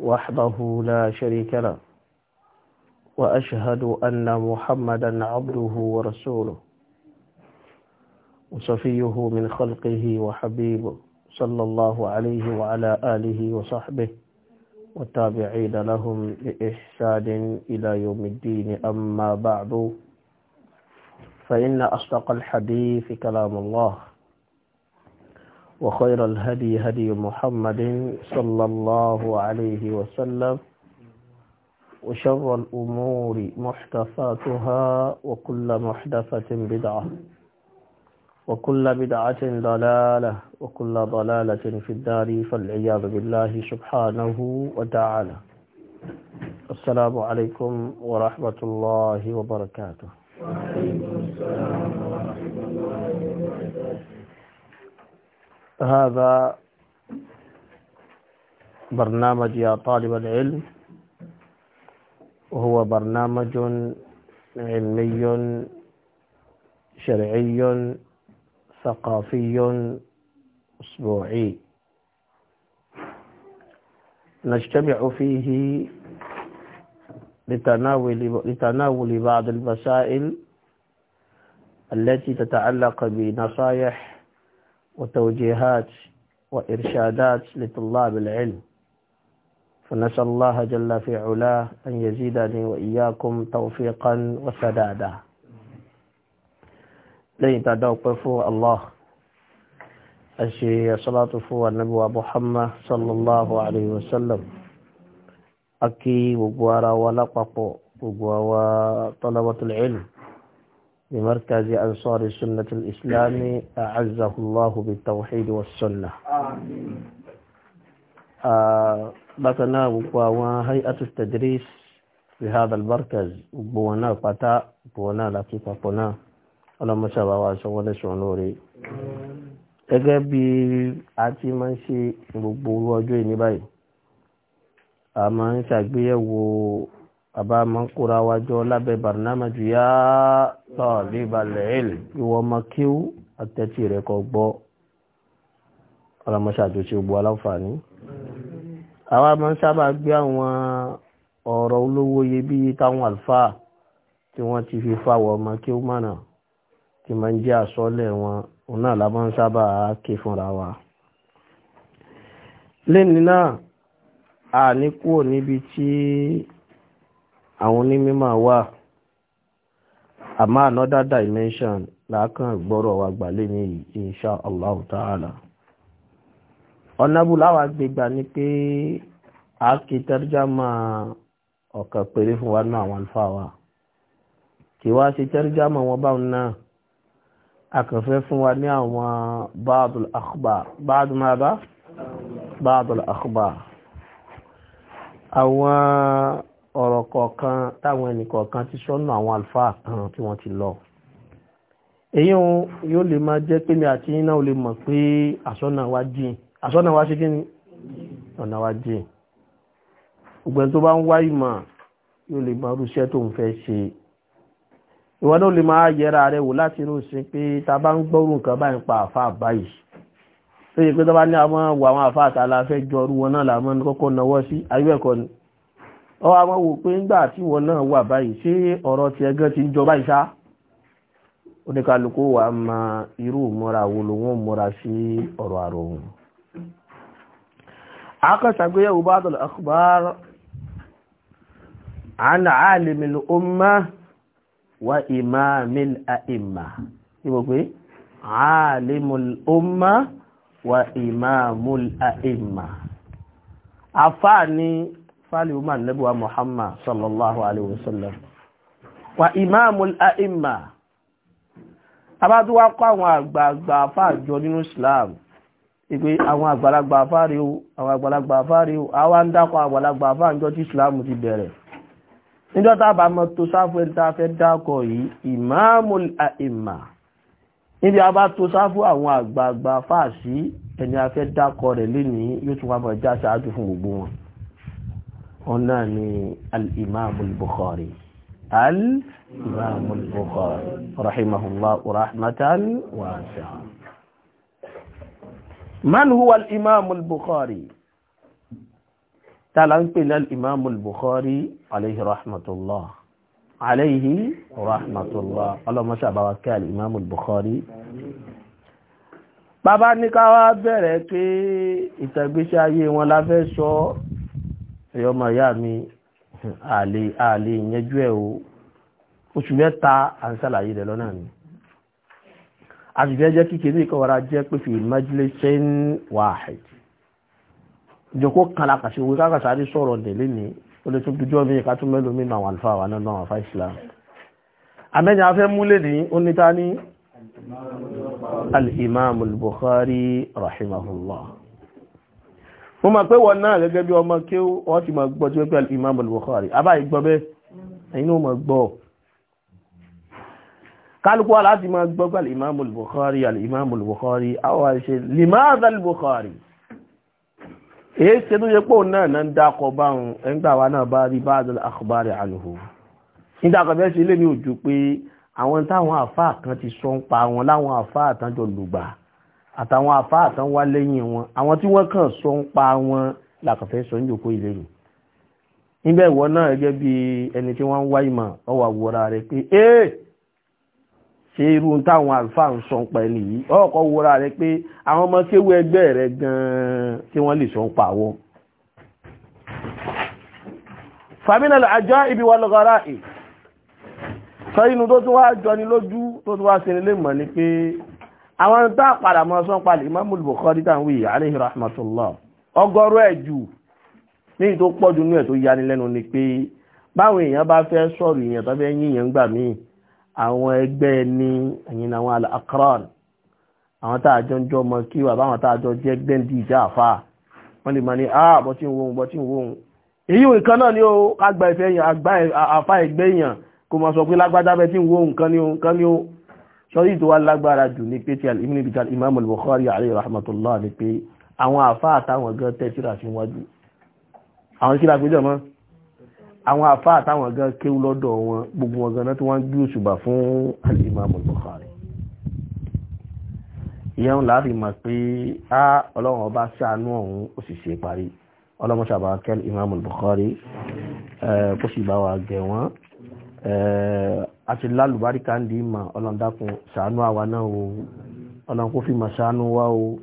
وحده لا شريك له وأشهد أن محمدا عبده ورسوله وصفيه من خلقه وحبيبه صلى الله عليه وعلى آله وصحبه والتابعين لهم بإحسان إلى يوم الدين أما بعد فإن أصدق الحديث كلام الله وخير الهدي هدي محمد صلى الله عليه وسلم وشر الأمور محدثاتها وكل محدثة بدعة وكل بدعة ضلالة وكل ضلالة في الدار فالعياذ بالله سبحانه وتعالى السلام عليكم ورحمة الله وبركاته وعليكم السلام هذا برنامج يا طالب العلم وهو برنامج علمي شرعي ثقافي أسبوعي نجتمع فيه لتناول, لتناول بعض المسائل التي تتعلق بنصائح وتوجيهات وإرشادات لطلاب العلم فنسأل الله جل في علاه أن يزيدني وإياكم توفيقا وسدادا لين تدوقفوا الله أشي صلاة فو النبي محمد صلى الله عليه وسلم أكي وقوارا ولقفوا وقوارا طلبة العلم بمركز أنصار سنة الإسلام أعزه الله بالتوحيد والسنة بطنا وقوى هيئة التدريس في هذا المركز بونا فتاة بونا لكيفة بونا ọlọ́mọ sábàá wa sanwó lẹ́sùn lórí gẹ́gẹ́ bí a ti máa ń ṣe gbogbo ọjọ́ ìní a máa ń ṣàgbéyẹ̀wò bàbá máa ń kóra wájọ lábẹ́ barnamaju yá talibal ilm ìwọ ọmọ kíw àtẹ́tì rẹ̀ kọ gbọ́ ọlọmọṣàjò ṣe gbọ́ aláǹfààní. àwa máa ń sábà gbé àwọn ọ̀rọ̀ olówó iyebíye táwọn àlùfáà tí wọ́n ti fi fáwọ̀ ọmọ kíw mọ̀nà tí máa ń jẹ́ àsọ́lẹ̀ wọn òun náà la máa ń sábà ké fúnra wa. lẹ́ni náà a ní kúrò níbi tí àwọn onímọ̀ wà àmọ́ another dimension lákàn gbọ́rọ̀ wa gbàlẹ́ ní insha allah ta'ala ọ̀nà búláwà gbégbà ni pé a kì í tẹ́rìjà máa ọ̀kan péré fún wa náà àwọn àlùfáà wa kì wá ṣe tẹ́rìjà máa wọn báwọn náà akànfẹ́ fún wa ní àwọn báàdùl akhbar báàdùl akhbar àwọn ọ̀rọ̀ kọ̀ọ̀kan táwọn ẹnìkọ̀ọ̀kan ti sọ́nà àwọn àlùfáà kan tí wọ́n ti lọ èyí yóò lè máa jẹ́ pé mi àti yín náà lè mọ̀ pé àsọ́nà wa jìn àsọ́nà wa ṣe kí ni ọ̀nà wa jìn ògbẹ́n tó bá ń wá ìmọ̀ yóò lè máa rúṣẹ́ tó ń fẹ́ ṣe ìwọ náà lè máa yẹra rẹ wò láti inú sin pé ta bá ń gbọ́rù nǹkan báyìí pa àfáà báyìí tó yẹ pé tó bá ní àwọn àwọn àfáà tá a la fẹ́ jọ ọrú wọn náà làwọn kọ́kọ́ náwó sí ayé ẹ̀kọ́ ni ọwọ́ àwọn wò pé ńgbà tí wọn náà wà báyìí ṣé ọ̀rọ̀ ti ẹgẹ́ ti ń jọ báyìí ṣá oníkálukú wa ma irú múra wo ló wọ́n múra sí ọ̀rọ̀ àrò òun bá dọ̀lọ̀ akhbar fali umar nabuwa muhammad sallallahu alaihi wasallam wa imamul a'imma abadu wa kọ́ àwọn àgbààgbà afáàjọ nínú islam ìpé àwọn àgbàlagbà afáàrí o àwọn àgbàlagbà afáàrí o àwọn ń dákọ̀ àgbàlagbà afáàjọ tí islam ti bẹ̀rẹ̀ níjọ́ tá bá mọ́ tó sáfù ẹni tá fẹ́ dákọ̀ yìí imamul a'imma níbi a bá tó sáfù àwọn àgbààgbà afáàsí ẹni a fẹ́ dákọ̀ rẹ̀ lénìí yóò tún wá mọ̀ já ṣáájú fún gbogbo wọn ọ̀nà ni al'imamul bukhari al'imamul bukhari rahimahullah rahmatan wasi'a man huwa al'imamul bukhari tala ń pè ní al'imamul bukhari alayhi rahmatullah alayhi rahmatullah alamasa bá wa kí al'imamul bukhari bàbá ní ká bẹ̀rẹ̀ pé ìtàgbésí ayé wọn la sọ ẹ̀yọ́ ọmọ ìyá mi àlè àlè ìyẹnjú ẹ̀ o oṣù mẹ́ta à ń ṣàlàyé rẹ̀ lọ́nà ni a sì fẹ́ jẹ́ kíkiri ìkọwara jẹ́ pé fi majlisin wahid ìjòkó kan la kàṣe owó kákàṣà rí sọ̀rọ̀ tẹ̀lé ni ó lè tún dojú ọmọ ìka tún mẹ́lòmí náà wà nífà wà náà náà wà Islam àmẹ́yìn afẹ́ múlẹ̀ ní ó ní ta ní rahimahullah mo máa pé wọn náà gẹ́gẹ́ bí ọmọ kí wọ́n ti máa gbọ́ tí ó pẹ́ Imam Bukhari abáyé gbọ́ bẹ́ẹ̀ ẹ̀yin ó máa gbọ́ kálukú wa láti máa gbọ́ pẹ́ Imam Bukhari Imam Bukhari àwọn àṣẹ limaza Bukhari èyí ṣe tó yẹ pé òun náà náà ń dákọ̀ báwọn ẹgbẹ́ àwa náà bá rí ba'dal akhbari anhu nígbàkan bẹ́ẹ̀ ṣe lé àtàwọn àfá àtàn wá lẹ́yìn wọn àwọn tí wọ́n kàn sọ ń pa wọn làkànfẹ́ sọ ń jòkó ìlérò níbẹ̀ ìwọ náà gẹ́gẹ́ bí ẹni tí wọ́n ń wá ìmọ̀ ọwà wọra rẹ̀ pé ee ṣe irú táwọn àlùfáà ń sọ pa ẹni yìí ọkọ̀ wọra rẹ̀ pé àwọn ọmọ kéwú ẹgbẹ́ rẹ̀ gan-an tí wọ́n lè sọ ń pa wọn. fàmínà àjọ ibi wà lọ́gọ́rá ì sọ inú tó tún wá jọni lójú tó tún wá sinilé mọ̀ ni pé àwọn tó àpàdà mọ́ sán palẹ̀ Imam Bukhari tàn wí alayhi rahmatullah ọgọ́rọ̀ ẹ̀ jù ní tó pọ̀jù ní ẹ̀ tó yani lẹ́nu ni pé báwọn èèyàn bá fẹ́ sọ̀rọ̀ èèyàn tó fẹ́ yíyàn gbà mí àwọn ẹgbẹ́ ní ẹ̀yìn àwọn al-aqran àwọn tààjọ ń jọ ọmọ kí wà báwọn tààjọ jẹ́ gbẹ́ndì ìjà àfà wọ́n lè máa ní ah bọ́ tí ń wóhun bọ́ tí ń wóhun èyí ò nǹkan náà ni ó àgbà ìfẹ́ àfà ẹgbẹ́ èèyàn kò mọ̀ sọ pé lágbájá bẹ́ tí ń wóhun nǹkan ni ó ṣọ́rí tó wá lágbára jù ní pé tí alìmìnibìtà imam al-bukhari alayhi rahmatullah ni pé àwọn àfáà táwọn gan tẹ́síra sí wájú àwọn kíra pé jọmọ́ àwọn àfáà táwọn gan kéwú lọ́dọ̀ wọn gbogbo wọn gan tó wọ́n gbí òṣùbà fún alìmam al àti eh, lálùbáríkà ń di ìmọ̀ ọlọ́ndàkùn ṣàánú àwa náà o ọlọ́n fi mọ̀ ṣàánú wa o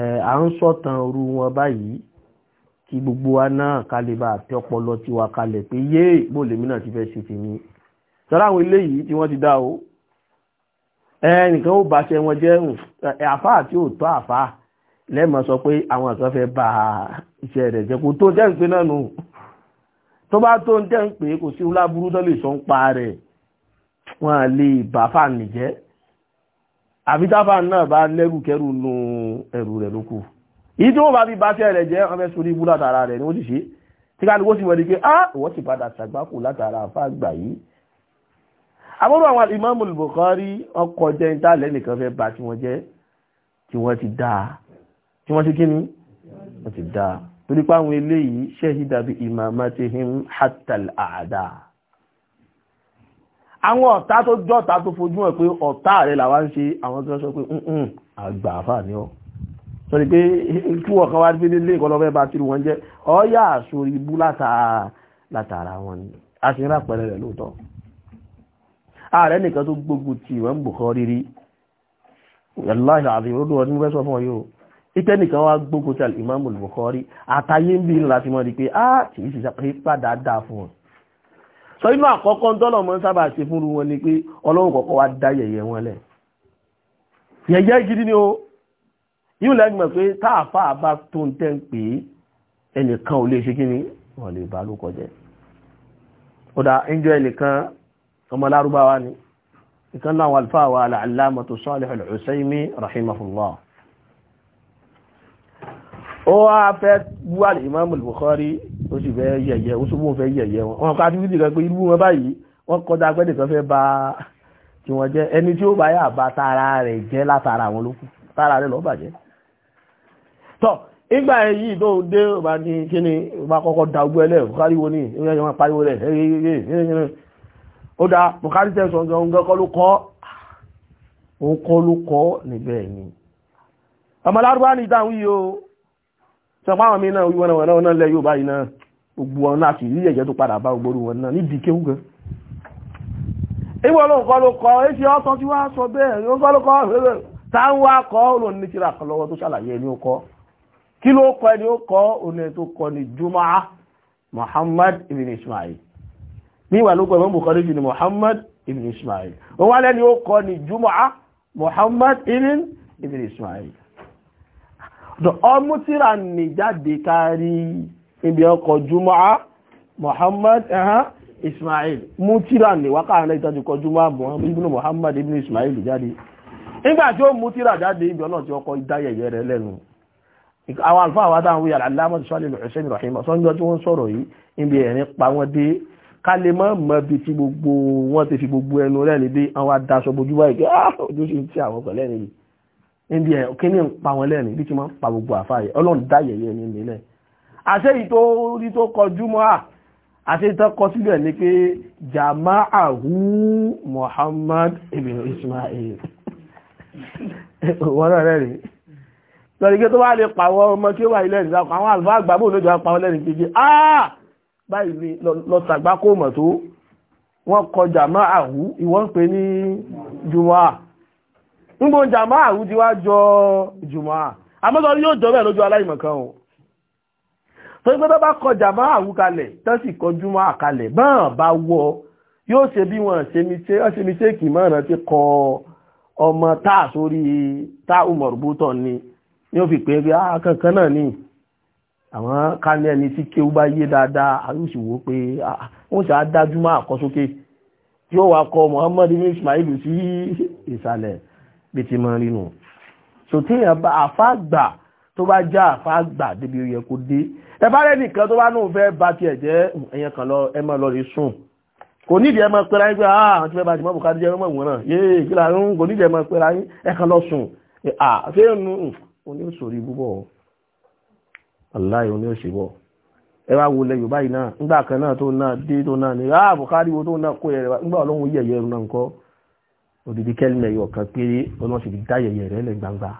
eh, à ń sọ̀tàn orú wọn báyìí kí gbogbo wa náà ká lè bá àti ọpọlọ tiwa kalẹ̀ pé yé bó lèmi náà ti fẹ́ ṣe tèmi sọ́ra àwọn eléyìí tí wọ́n ti dá o eh, ẹnìkan ó bá ṣe wọn jẹ́ àfá àti òótọ́ àfá lẹ́mọ̀ sọ pé àwọn kan fẹ́ bà iṣẹ́ rẹ̀ jẹ́ kó tó jẹ́ ìpín nù tó bá tó ń tẹ́ ń pè kò sí láburú tó lè sọ ń pa rẹ̀ wọ́n lè bá fáànì jẹ́ àbí náà bá lẹ́rù kẹrù nu ẹrù rẹ̀ ló kù èyí tí wọ́n bá fi báṣẹ́ rẹ̀ jẹ́ ọmọ sórí ibú látara rẹ̀ ni wọ́n ti ṣe tí kálukú sì wọ́n di pé ah ìwọ́n ti padà ṣàgbákò látara àfáàgbà yìí àbúrò àwọn Imam Bukhari ọkọ̀ jẹ́ ìtàlẹ́ nìkan fẹ́ bá tí wọ́n jẹ́ tí wọ́n ti dáa tí wọ́n ti kíni wọ́n ti dáa torí pé àwọn eléyìí ṣẹ́hídà bí imamatihim hatal àdá àwọn ọ̀tá tó jọ́ta tó fojú ẹ̀ pé ọ̀tá rẹ̀ làwọn ń ṣe àwọn tó sọ pé àgbà àfà ni ọ́ sọ ni pé kí wọ́n kan wá gbé nílé ìkọlọ́fẹ́ bá tìrù wọn jẹ́ ọ̀yà àṣòrí ibú látara wọn ni a ṣe rà pẹ̀lẹ́ rẹ̀ lóòótọ́ ààrẹ nìkan tó gbógun ti ìwọ̀n Bukhari rí wàláhì àti ìrọ́lù ọdún fẹ́ ìtẹ́nìkan wá gbógun tí alìmọ́mù Bukhari àtàyé ń bí ńlá ti mọ́ di pé áà tí ì sì sàpépà dáadáa fún wọn sọ inú àkọ́kọ́ ń tọ́lọ̀ mọ́ ń sábà ṣe fúnru wọn ni pé ọlọ́run kọ̀ọ̀kọ́ wá dá yẹ̀yẹ́ wọn lẹ̀ yẹ̀yẹ́ gidi ni o yíò lẹ́gbẹ̀ẹ́ pé táàfà bá tó ń tẹ́ ń pè é ẹnìkan ò lè ṣe kíni wọ́n lè bá ló kọjẹ́ ó dá ẹnìkan ọmọ lárúbáwá ni ìkan náà wà alfáà wa al-allamatu Salih ó wá fẹ́ bú Imamul Bukhari ó sì fẹ́ yẹ̀yẹ́ ó sọ fún fẹ́ yẹ̀yẹ́ wọn wọn ká fífi kan pé irú wọn báyìí wọn kọjá pé nìkan fẹ́ ba tí wọn jẹ ẹni tí ó bá yà bá tara rẹ̀ jẹ́ látara àwọn olókù tara rẹ̀ ló bàjẹ́ tọ́ ìgbà èyí tó dé ọba ní kí ni ọba kọ́kọ́ da ogbó ẹlẹ́ Bukhari wo ni ìyẹn wọn pariwo ni ọmọ lárúbá sọpáwọn mi náà wíwọ́n wọn náà lẹ́ yóò báyìí náà gbogbo wọn láti rí ẹ̀jẹ̀ tó padà bá gbogbo wọn náà níbi kéwú gan ìwọ̀n olóǹkọ́ ló kọ́ èsì ọ́tọ́ tí wá sọ bẹ́ẹ̀ olóǹkọ́ ló kọ́ Jumaa Muhammad ibn Ismail ní ìwà ni Muhammad ibn Ismail òun ó kọ́ ni Jumaa Muhammad ibn Ismail ọmú tíra ní jáde kárí ibi ọkọ̀ jùmọ́ Muhammad uh-huh, Ismail mú tíra ní wákàrán ìtàjú kọ jùmọ́ ibn Muhammad ibn Ismail jáde nígbà tí ó mú tíra jáde ibi ọ̀nà tí ọkọ̀ ìdáyẹyẹ rẹ̀ lẹ́nu àwọn alfáà wá dáhùn yàrá aláàmọ́ sọ́lẹ̀ lọ́sẹ̀mì rahimah sọ́njọ́ tí wọ́n sọ̀rọ̀ yìí ibi ẹ̀rin pa wọ́n dé kálẹ̀ mọ́ mọ́ bí ti gbogbo wọ́n ti níbi ẹ̀ kí ní ń pa wọn lẹ́rìn bí kí máa ń pa gbogbo àfáàyè ọlọ́run dáyẹ̀yẹ ní ilẹ̀ àṣẹ yìí tó rí tó kọjú mọ́ à àṣẹ tó kọ ni pé jama'ahu Muhammad ibn Ismail wọ́n náà rẹ̀ rí lọ́rí kí tó wá lè pàwọ́ ọmọ tí ó wà ilẹ̀ ìdáko àwọn àlùfáà àgbà bò lójó apáwọ́ lẹ́rìn kejì áà báyìí ni lọ́tàgbá kó mọ̀ tó wọ́n kọjá máa àhú ìwọ́n pè ní jùmọ́ nígbò jàmá àrùn ti wá jọ jùmọ́ à àmọ́sọ yóò jọ bẹ́ẹ̀ lójú aláìmọ̀kan o torí pé bá kọ jàmá àrùn kalẹ̀ tán sì kọ jùmọ́ àkalẹ̀ báwọn bá wọ yóò ṣe bí wọn ṣe mi ṣe kì mọ́ràn ti kọ ọmọ táà sórí táà umọ̀rùbútọ̀ ni ni ó fi pé pé ah, kankan náà ni àwọn kánẹ́ ẹni tí kéwú bá yé dáadáa àrùsìwò pé ah, wọ́n ṣe á dájú máa kọ sókè tí ó kọ Muhammad ibn Ismail sí ìsàlẹ̀ bí ti máa rí nù so tí èèyàn bá àfáàgbà tó bá já àfáàgbà débi ó yẹ kó dé ẹ bá rẹ́ni kan tó bá náà fẹ́ ba tiẹ̀ jẹ́ ẹ̀yẹn kan lọ ẹ máa lọ rí sùn kò nídìí ẹ máa pẹ́ra yín pé ah, àwọn tí wọ́n bá ti mọ́ bùkátà jẹ́ ọmọ ìwọ̀n náà yéé kí làárún kò nídìí ẹ máa pẹ́ra yín ẹ kan lọ sùn àfẹ́ nu òní òṣòrí búbọ̀ aláì òní òṣèbọ̀ ẹ wá wo lẹ́yìn báyìí náà nígbà kan náà tó náà dé tó náà ní àbùkárí ah, wo tó náà kó yẹ òdìdí kẹ́lìmẹ̀ yọ kan péré ọlọ́run sì fi dá yẹ̀yẹ̀ rẹ̀ lẹ̀ gbangba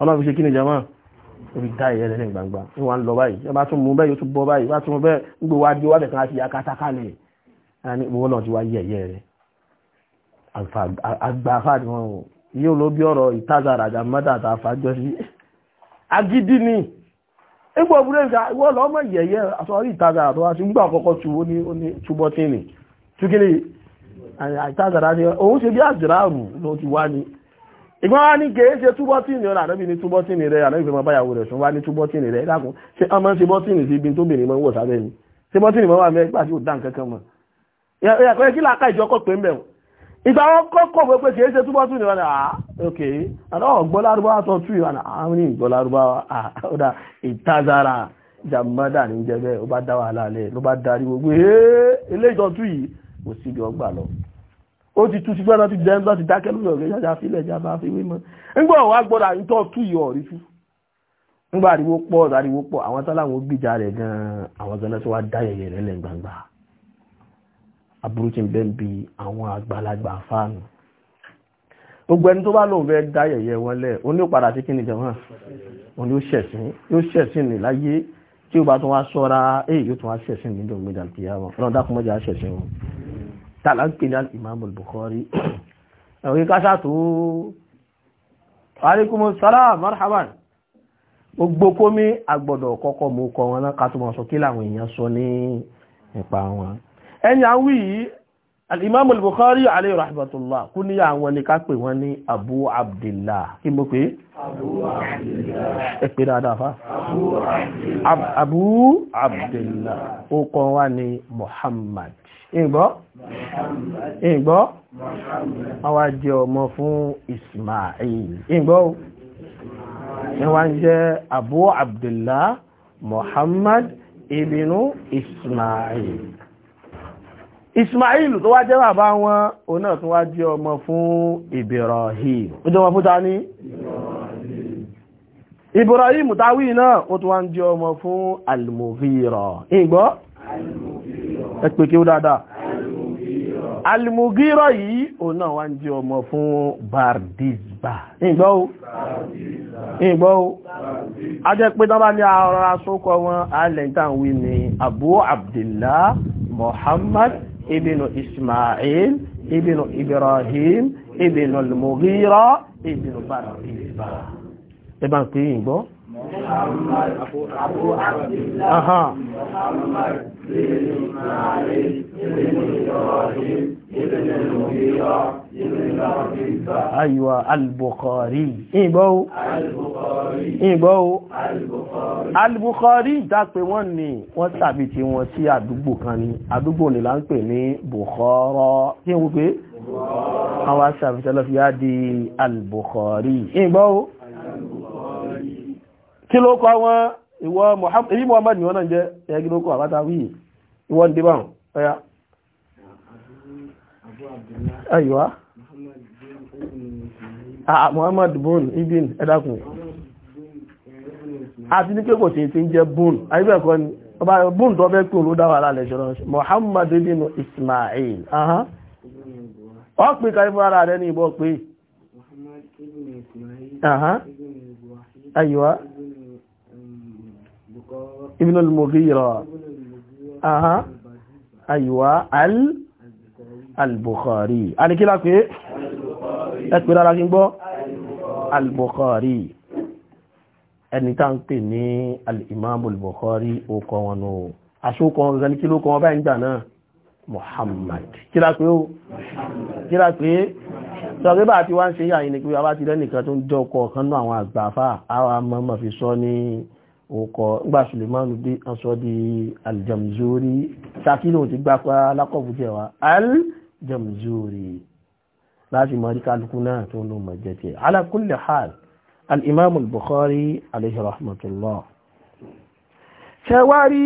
ọlọ́run fi ṣe kí ni jama ó fi dá yẹ̀yẹ̀ rẹ̀ lẹ̀ gbangba ń wà ń lọ báyìí ẹ bá tún mú bẹ́ẹ̀ yóò tún bọ́ báyìí bá tún mú bẹ́ẹ̀ ń gbé wá dé wá bẹ̀kan àti akata kalẹ̀ ẹni ìwọ náà ti wá yẹ̀yẹ̀ rẹ̀ àgbàfà ni wọn o ló bí ọ̀rọ̀ ìtajà àràjà mẹ́ta àtàfàjọ sí agídí ni ipò òbúrò ìgbà ìwọ lọ́mọ àìtàzàrá ni òun ṣe bí àjìráàrù ló ti wá ní ìgbọ́n wá ní kèé ṣe túbọ́tìnì ọ̀nà ànábì ní túbọ́tìnì rẹ̀ ànábì fẹ́ máa báyàwó rẹ̀ sùn wá ní túbọ́tìnì rẹ̀ lákùn ṣe ọmọ ṣe ni ṣe bọ́tìnì máa wà mẹ́ gbà tí ò dá nǹkan kan mọ̀ ẹ̀kọ́ kí làákà ìjọkọ̀ pé ń bẹ̀ ìgbà wọn kọ́kọ̀ pé pé kèé ṣe túbọ́tìnì ọ̀nà ok àná ọ̀gbọ́ lárúbáwá tó tú ìwà àwọn ní ìgbọ́ lárúbáwá ọ̀dà ìtazara jàmọ́dà ní jẹ́ bẹ́ẹ̀ ó bá dá wàhálà lẹ̀ ló bá darí yìí kò síbi ọgbà lọ ó ti tú sígbẹ́ náà ti dẹ́ lọ́ti dákẹ́ lórí ọ̀rẹ́ ṣáṣá sílẹ̀ ṣá máa fi wí mọ́ nígbà wàá gbọ́dọ̀ àyíntọ́ tú yọ ọ̀rí tú nígbà àríwó pọ̀ àríwó pọ̀ àwọn tán láwọn gbìjà rẹ̀ gan-an àwọn gan-an tó wá dá yẹ̀yẹ̀ rẹ̀ lẹ̀ gbangba aburú ti ń bẹ́ ń bi àwọn àgbàlagbà fáànù gbogbo ẹni tó bá lóun fẹ́ dá yẹ̀yẹ́ wọn lẹ̀ ó ní padà sí kíni jẹ̀wọ́n òun yóò ṣẹ̀sìn yóò ṣẹ̀sìn ní láyé tí ó bá tún wá sọ́ra èyí yóò tún wá ṣẹ̀sìn nídìí ògbéjà kìí àwọn ọlọ́dà kúmọ́jà ṣẹ̀sìn wọn tààlà ń pè ní al-Imam al-Bukhari ẹ̀wọ̀n kíká sàtò alaikum salam marhaban gbogbo kómi agbọ́dọ̀ kọ́kọ́ mú kọ wọn náà kátó mọ̀ sọ kí làwọn èèyàn sọ ní ipa wọn ẹni àwí al-Imam bukhari alayhi Muhammad ìgbọ́ ìgbọ́ àwa jẹ́ ọmọ fún Ismail ìgbọ́ ni jẹ́ Abu Abdullah Muhammad ibinu Ismail Ismail tó wá jẹ́ bàbá wọn òun náà tún wá jẹ́ ọmọ fún Ibrahim ó jẹ́ ọmọ fún ta ní Ibrahim táwí náà o tún wá ń jẹ́ ọmọ fún al ìgbọ́ ẹ pè dáadáa almugira yìí o náà wá ń jẹ́ ọmọ fún bardisba ìgbọ́ o ìgbọ́ o a jẹ́ pé tọ́bá ní ara sókọ wọn alẹ́ntàwí ni abu abdullah muhammad ibinu ismail ibinu ibrahim ibn almugira ibinu bardisba ẹbá ń pè ìgbọ́ Aha. Aywa al-Bukhari. Ìgbọ́ o. Al-Bukhari dápé wọ́n ni wọ́n tàbí tí wọ́n sí àdúgbò kan ni. Àdúgbò ni là ń pè ní Bukhara. Tí wọ́n pé? Àwọn aṣàfisẹ́lọ́fíà di al-Bukhari. Ìgbọ́ kí ló kọ wọn ìwọ Muhammad èyí Muhammad ni wọ́n náà jẹ́ ẹgbẹ́ ló ndị àbáta wíyì ìwọ ń dìbọn ọ̀yá ayíwá Muhammad ẹ̀dàkùn àti ní tí ti ń jẹ́ ni ọba bun tó fẹ́ kún ló dáwà lálẹ́ ṣọ́rọ̀ Muhammad ibn Ismail ara ní ìbọ̀ ibn al-mughira aha aywa al al-bukhari ani kila pe ekpera la kin gbọ́ al-bukhari ẹni tá ń pè ní al-imam al-bukhari ó kọ wọn o aṣókọ wọn gan ní kí ló kọ wọn báyìí gbà náà muhammad kila pe o kila pe sọ pé bá ti wá ń ṣe yà yìí ni pé wọ́n bá ti rẹ́ nìkan tó ń jọ ọkọ̀ kan náà àwọn àgbàfà àwọn amọ́mọ́ fi sọ ní òkọ̀ nígbà Sulemanu dé aṣọ di aljamzuri ṣàkínú ti gbá pa alákọ̀bù jẹ́ wa aljamzuri láti mọ̀ rí kálukú náà tó ló mọ̀ jẹ́ tiẹ̀ ala kulli hal al'imamu al-bukhari alayhi rahmatullah ṣe wá rí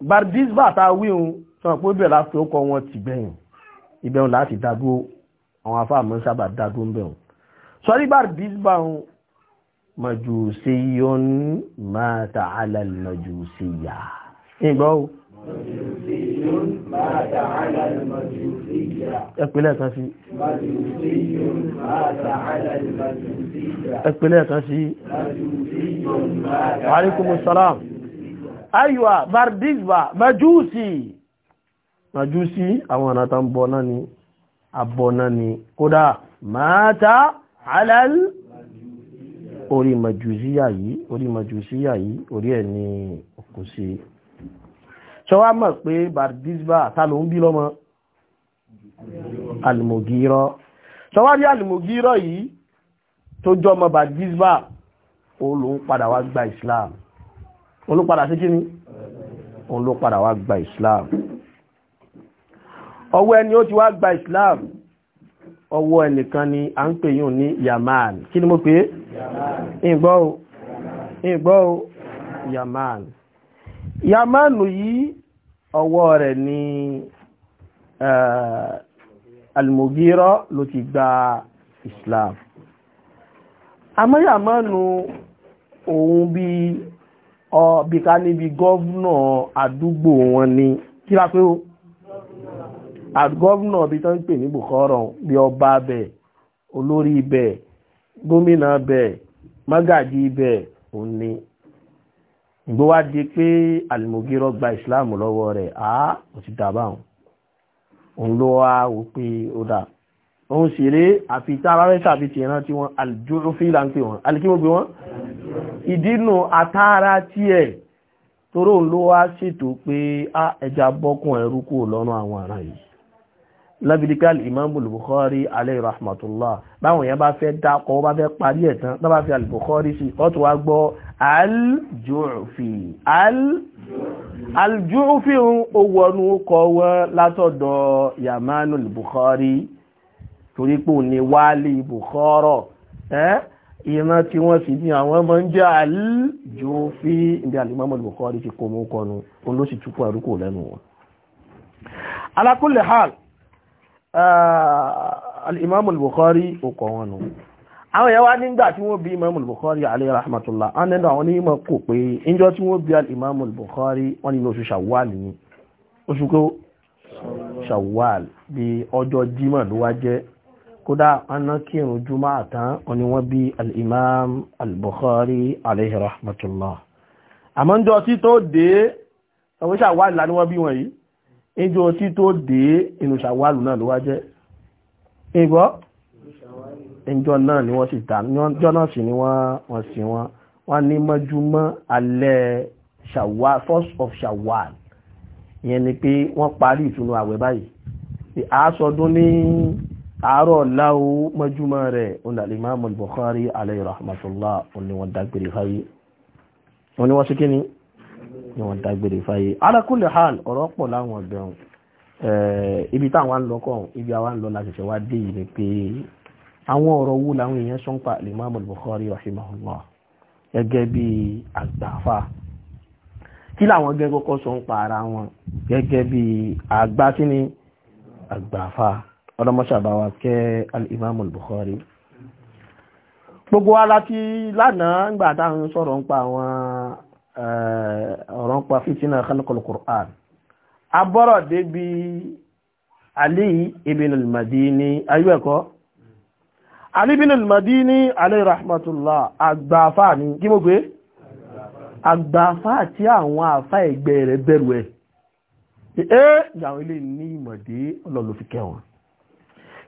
bardisba ta wíhun sọ pé bẹ̀rẹ̀ láti ó kọ wọn ti gbẹ̀yìn ìbẹ̀rún láti dádúró àwọn afáàmọ́ majusiyun mata ala al-majusiyya ìgbọ́ o majusiyun mata ala al-majusiyya ẹpìlẹ̀ kan sí majusiyun mata ala al-majusiyya ẹpìlẹ̀ kan sí majusiyun mata wa alaikumus salam bardizba majusi majusi àwọn ọ̀nà tán bọ̀ náà ni abọ̀ kódà mata ala al-majusiyya orí màjúsíyà yìí orí màjúsíyà yìí orí ẹ̀ ní òkú sí ṣọ wá mọ̀ pé bardisba ta ló ń bí lọ́mọ almogiro ṣọ wá rí almogiro yìí tó jọmọ bardisba ó wá gba islam ó ló padà sí kíní ó ló padà islam ọwọ́ ẹni ó ti wá gba islam ọwọ́ ẹnìkan ni à ń pè yín ní yaman kí ni mo pè é ìgbọ́ o ìgbọ́ o yaman yaman yìí ọwọ́ rẹ̀ ni almugira ló ti gba islam àmọ́ yaman òun bí ọbí ká níbi gọ́vnà àdúgbò wọn ni kí lápé o gọ́vnà bí tán ń pè ní bùkọ́rọ̀ bí ọba bẹ̀ olórí bẹ̀ gómìnà bẹ́ẹ̀ mágàjì bẹ́ẹ̀ òun ni ìgbó wá di pé alimogiro gba islam lọ́wọ́ rẹ̀ á ò ti dàbà òun òun ló wá wò pé ó dà òun sì rí àfi tára rẹ̀ tàbí ti ìran tí wọ́n aljúrúfí là ń pè wọ́n alikímọ̀gbé wọ́n ìdínú àtàrà tiẹ̀ toró òun ló wá ṣètò pé ẹja bọ́kùn ẹrú kúrò lọ́nà àwọn àrà yìí lábìlíkàl ìmáàmù al-Bukhari alayhi rahmatullah báwọn yẹn bá fẹ́ dákọ̀ bá fẹ́ parí ẹ̀ tán bá fi al-Bukhari sí ó tún wá gbọ́ al-Ju'fi al-Ju'fi ń owónú kọ wọn látọ̀dọ̀ yamanu al-Bukhari torí pé òní wálé Bukhara ìran tí wọ́n sì ní àwọn ọmọ ń jẹ́ al-Ju'fi ìdí al ti kó al-imam al-bukhari ó kọ wọn nù àwọn èèyàn wá nígbà tí wọ́n bí imam al-bukhari alayhi rahmatullah a nínú àwọn onímọ̀ kò pé ìjọ tí wọ́n bí al-imam al-bukhari wọ́n nínú oṣù shawwal ni oṣù kó shawwal bí ọjọ́ jímọ̀ ló wá jẹ́ kódà aná kírun jùmọ̀ àtán wọ́n ni wọ́n bí al-imam al rahmatullah ìjọ tí tó dé inú ṣàwálù náà ló wá jẹ́ ìgbọ́ ìjọ náà ni wọ́n sì ta ìjọ náà sì ni wọ́n sì wọ́n wọ́n ní mọ́júmọ́ alẹ́ ṣàwálù first of ṣàwálù ìyẹn ni pé wọ́n parí ìtúnu àwẹ̀ báyìí àásọdún ní àárọ̀ láwó mọ́júmọ́ rẹ̀ onílàlímáàmù Bukhari alayhi rahmatullah oníwọ̀n dágbére fáyé oníwọ̀n sí kíni ni wọ́n dágbére fáyé alákùnlé hàn ọ̀rọ̀ pọ̀ láwọn ọ̀dọ̀n eh, ibi táwọn ń lọ kọ́ ibi àwọn ń lọ láṣẹṣẹ wá dé yìí ni pé àwọn ọ̀rọ̀ wo làwọn èèyàn sọ ń pa Imam Bukhari rahimahullah gẹ́gẹ́ bí àgbàfà kí làwọn gẹ́gẹ́ kọ́kọ́ sọ ń pa ara wọn gẹ́gẹ́ bí àgbà kí ni àgbàfà ọlọ́mọṣàbáwá kẹ́ Imam Bukhari gbogbo wa láti lánàá ń gbà táwọn sọ̀rọ̀ ń pa àwọn eh, nípa fìtínà khalqul Qur'an abọ́rọ̀ débi Ali ibn al-Madini ayúẹ̀kọ́ Ali ibn al-Madini alayhi rahmatullah àgbàfà ní kí mo gbé àgbàfà tí àwọn àfà ẹgbẹ́ rẹ̀ bẹ̀rù ẹ̀ ẹ́ ìyàwó ilé ní ìmọ̀dé ọlọ́lọ́ fi kẹwọn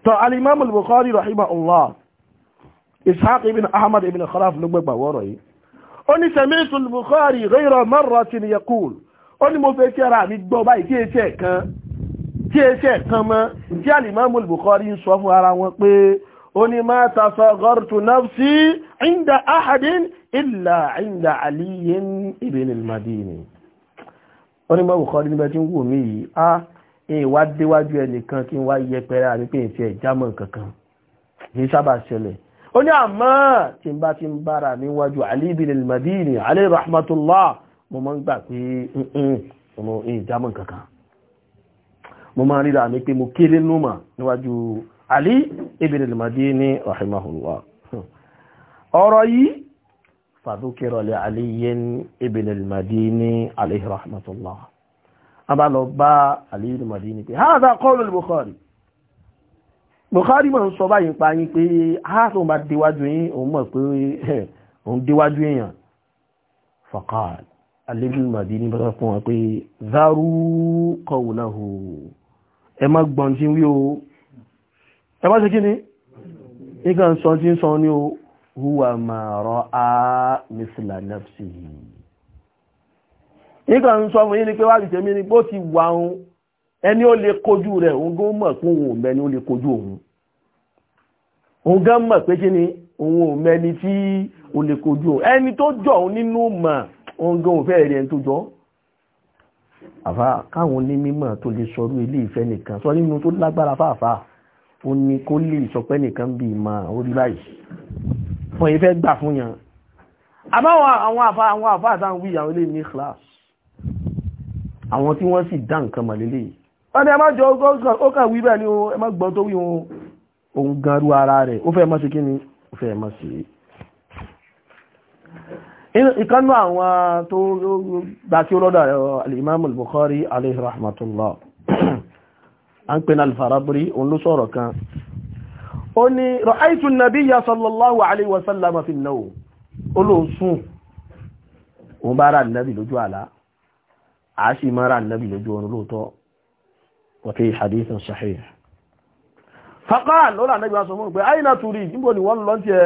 tọ́ al-Imam al-Bukhari rahimahullah Ishaq ibn Ahmad ibn Khalaf ló gbẹ̀gbà wọ́rọ̀ ó ní sami'tu al-Bukhari ghayra marratin yaqul ó ní mo fẹ́ kí ara mi gbọ́ báyìí kí ẹsẹ̀ kan kí ẹsẹ̀ kan mọ́ tí al-Imam al-Bukhari ń sọ fún ara wọn pé ó ní ma tasaghartu nafsi inda ahadin illa inda aliyin ibn al-Madini ó ní mọ́ Bukhari níbẹ̀ tí ń wò mí yìí á ìwádéwájú ẹnìkan kí wá yẹpẹrẹ àrípé ìfẹ́ ìjámọ̀ kankan kì sábà ṣẹlẹ̀ ó ní àmọ́ tí n bá ti ń bára níwájú alíbìn ilmadini alẹ́ rahmatullah mo máa ń gbà pé ọmọ ìjámọ̀ kankan mo máa ríra ní pé mo kéré númà níwájú alí ibn ilmadini rahimahullah ọ̀rọ̀ yìí fàdúkẹ́rọ̀ lè aliyin ibn ilmadini rahmatullah a bá lọ bá pé Bukhari máa ń sọ báyìí pa yín pé aásùn bá déwájú yín òun mọ̀ pé òun déwájú èèyàn faqal alẹ́gbẹ̀rún ní bọ́sá fún wọn pé zaru qawlahu ẹ má gbọ́n tí wí o ẹ má ṣe ni nígbà sọ tí ń sọ ní o huwa ma a misla nafsihi nígbà ń sọ fún yín ni pé wá bìtẹ̀mí ni bó ti wà òun ẹni ó lè kojú rẹ̀ òun mọ̀ fún òun mẹ́ni ó lè kojú òun òun gan mọ̀ pé kí ni òun ò mẹ́ni tí o lè kojú o ẹni tó jọ òun nínú mọ̀ òun gan òfẹ́ rẹ̀ ẹni tó jọ àfá káwọn ní mímọ̀ tó lè sọrú ilé ìfẹ́ nìkan sọ nínú tó lágbára fáfá ó ní kó lè sọ pé nìkan bí ìmọ̀ orí báyìí fún ìfẹ́ gbà fún yàn òun ganrú ara rẹ̀ ó fẹ́ mọ́ sí kí ni ó fẹ́ mọ́ sí ìkánú àwọn tó gbà tí ó lọ́dọ̀ alìmáàmù Bukhari alayhi rahmatullah an pè náà alfarabri òun ló sọ̀rọ̀ kan ó ní ra'aytu an-nabiyya sallallahu alayhi wa sallam fi an-nawm ó ló sùn òun bá rà nàbì lójú àlá a sì mọ́ rà lójú oorun lóòótọ́ wa fi sahih faqal lọ́la nẹ́gbà sọ fún pé aina turi níbo ni wọ́n lọ́n tiẹ̀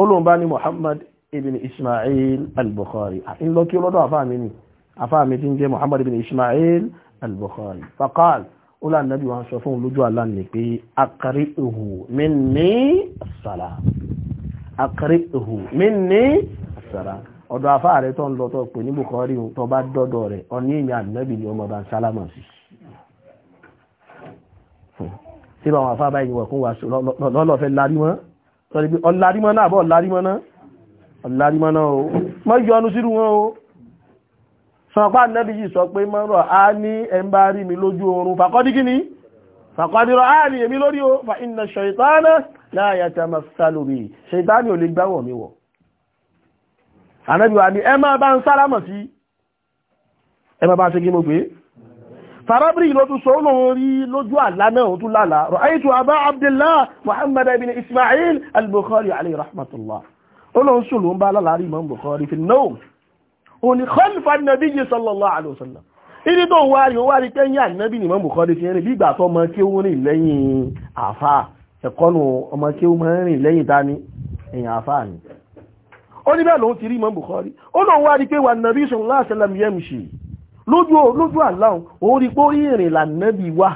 olóńbá ni muhammad ibn ismail al-bukhari in lọ kí lọ́dọ̀ àfáàmì ni àfáàmì tí ń jẹ́ muhammad ibn ismail al-bukhari faqal lọ́la nẹ́bí wọn sọ fún lójú àlá ni pé akarihu minni salam akarihu minni salam ọ̀dọ̀ àfáà rẹ̀ tó tí bá wọn àfá báyìí wọ̀ kún wà lọ́lọ́fẹ́ lárímọ́ sọ́rí pé ọlárímọ́ náà bọ́ ọlárímọ́ náà ọlárímọ́ náà o mọ́ yọnu sírú wọn o sọ̀pá nẹ́bí yìí sọ pé mọ́rọ̀ á ní ẹmbá rí mi lójú oorun fàkọ́dí kí ni fàkọ́dírọ̀ á farabri ló tún sọ lóhun rí lójú àlá náà ó tún lálá ra'aytu abá abdullá muhammad ibn ismail al-bukhari alayhi rahmatullah olóhun sùn ló ń bá lálàárí imam bukhari fi náà ó ní khalfa nabiyyi sallallahu alayhi wa sallam ìdí tó wárí ó wárí kẹ́yìn imam bukhari fi rìn bí ìgbà tó ọmọ kí ó rìn lẹ́yìn àfà ẹ̀kọ́nù ọmọ kí ó máa rìn lẹ́yìn dání èèyàn ni ó ní bẹ́ẹ̀ ti rí imam bukhari ó lóun wárí pé wà sallallahu alayhi wa sallam lójú lójú àláhùn orí pórí ìrìnlà nẹ́bí wà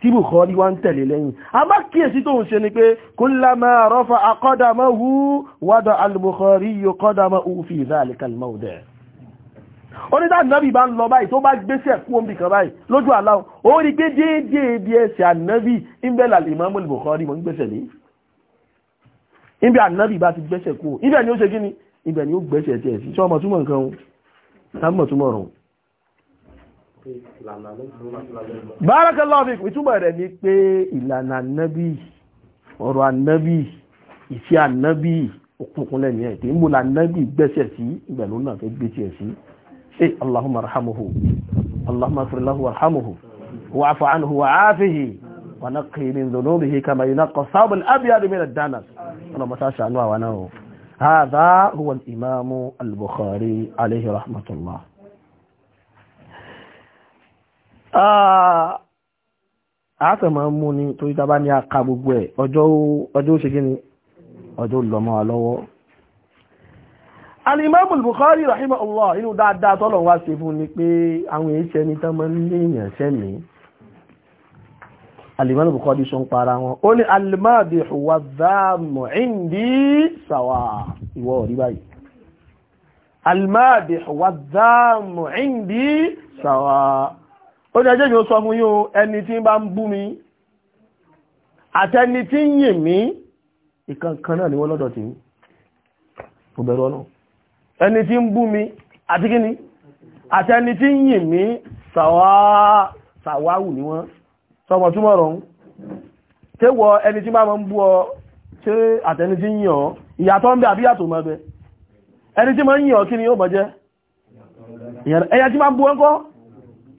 tí Bukhari wá ń tẹ̀lé lẹ́yìn a bá kíyèsí tó ń ṣe ni pé kullama rafa'a qadamahu wada al-Bukhari qadamahu fi dhalika al-mawdi' onídá ànábì bá ń lọ báyìí tó bá gbéṣẹ̀ kú omi kan báyìí lójú àláhùn ó rí pé déédéé bí ẹsẹ̀ ànábì ìbẹ̀là al-Imam al-Bukhari mọ̀ ń gbéṣẹ̀ lé ibi ànábì bá ti bárakàlá fi ìtumọ̀ rẹ̀ ni pé ìlànà ànábì ọ̀rọ̀ ànábì ìṣe ànábì òkùnkùn lẹ́nu ẹ̀ tí ń bò lànábì gbẹ́sẹ̀ sí ìgbà ló náà fẹ́ gbé tiẹ̀ sí ṣe allahumma rahamuhu allahumma afirilahu rahamuhu wa afa anhu wa afihi wa naqi هذا هو الإمام البخاري عليه رحمة الله àákàn ah, máa mú ni torí tá bá ní aka gbogbo ẹ̀ ọjọ́ ó ṣe gíní ọjọ́ lọ́mọ́ wa lọ́wọ́ alimamul Bukhari rahimahullah inú dáadáa tọ́lọ̀ wá ṣe fún ni pé àwọn èyí ṣẹni tán ní èèyàn ṣẹ́mi alimamul Bukhari sọ ń para wọn ó ní alimadihu ó ní ẹjẹ́ yóò sọ fún yín o ẹni tí bá ń bú mi àtẹni tí ń yìn mí ìkankan náà ni wọ́n lọ́dọ̀ tèmi mo bẹ̀rù ọ̀nà ẹni tí ń bú mi àti kíni àtẹni tí ń yìn mí sàwáwù ni wọ́n sọmọ túmọ̀ rọ̀ ń tẹ́wọ ẹni tí máa ń bú ọ ṣe àtẹni tí ń yìn ọ́ ìyàtọ̀ ń bẹ àbí yàtọ̀ mọ́ bẹ ẹni tí máa ń yìn ọ́ kí ni yóò bọ̀ jẹ́ ẹ̀yà tí máa ń bú ọ́nkọ́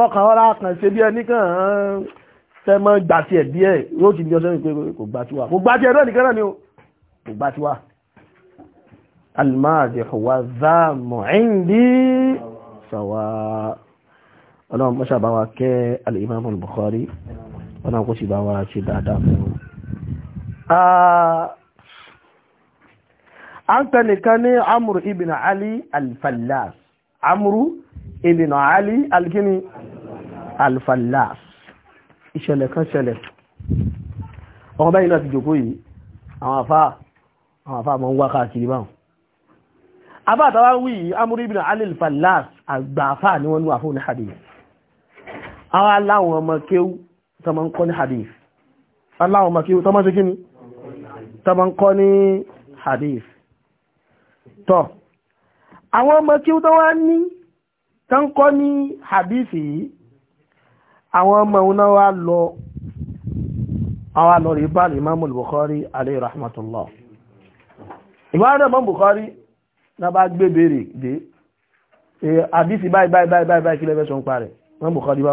kọkàn ọ̀rá kan ṣe bí ẹni kàn án fẹ́ mọ́ gbà tí ẹ̀ bí ẹ̀ yóò ti di ọjọ́ ìpé kò gbà wà kò gbà ẹ̀ náà nìkan ni ó kò gbà wà. alimaadi wa zaamu indi sawa ọlọ́run mọ́ṣá bá wa kẹ́ al bukhari ọlọ́run kò sì bá wa ṣe dáadáa fún un. à ń pẹ́ ní amúrú ibn ali al-Fallas ibn ali alkini alfalas ìṣẹ̀lẹ̀ kan ṣẹlẹ̀ ọkọ̀ báyìí náà ti jòkó yìí àwọn àfáà àwọn àfáà mọ́ ń wá káàkiri báhùn àbá àtàwà wí amúrí ibn ali alfalas àgbà àfáà ni wọ́n ní ní hadith àwọn ọmọ kéwú tó máa ní tán kọ́ ní hadith yìí àwọn ọmọ òun náà wá lọ àwọn alọ́rí bá Imam al-Bukhari alayhi rahmatullah ìwádìí Imam Bukhari na bá gbé bèèrè dé àdísì báyìí báyìí báyìí báyìí kí lẹ́fẹ́ sọ ń parẹ̀ Imam Bukhari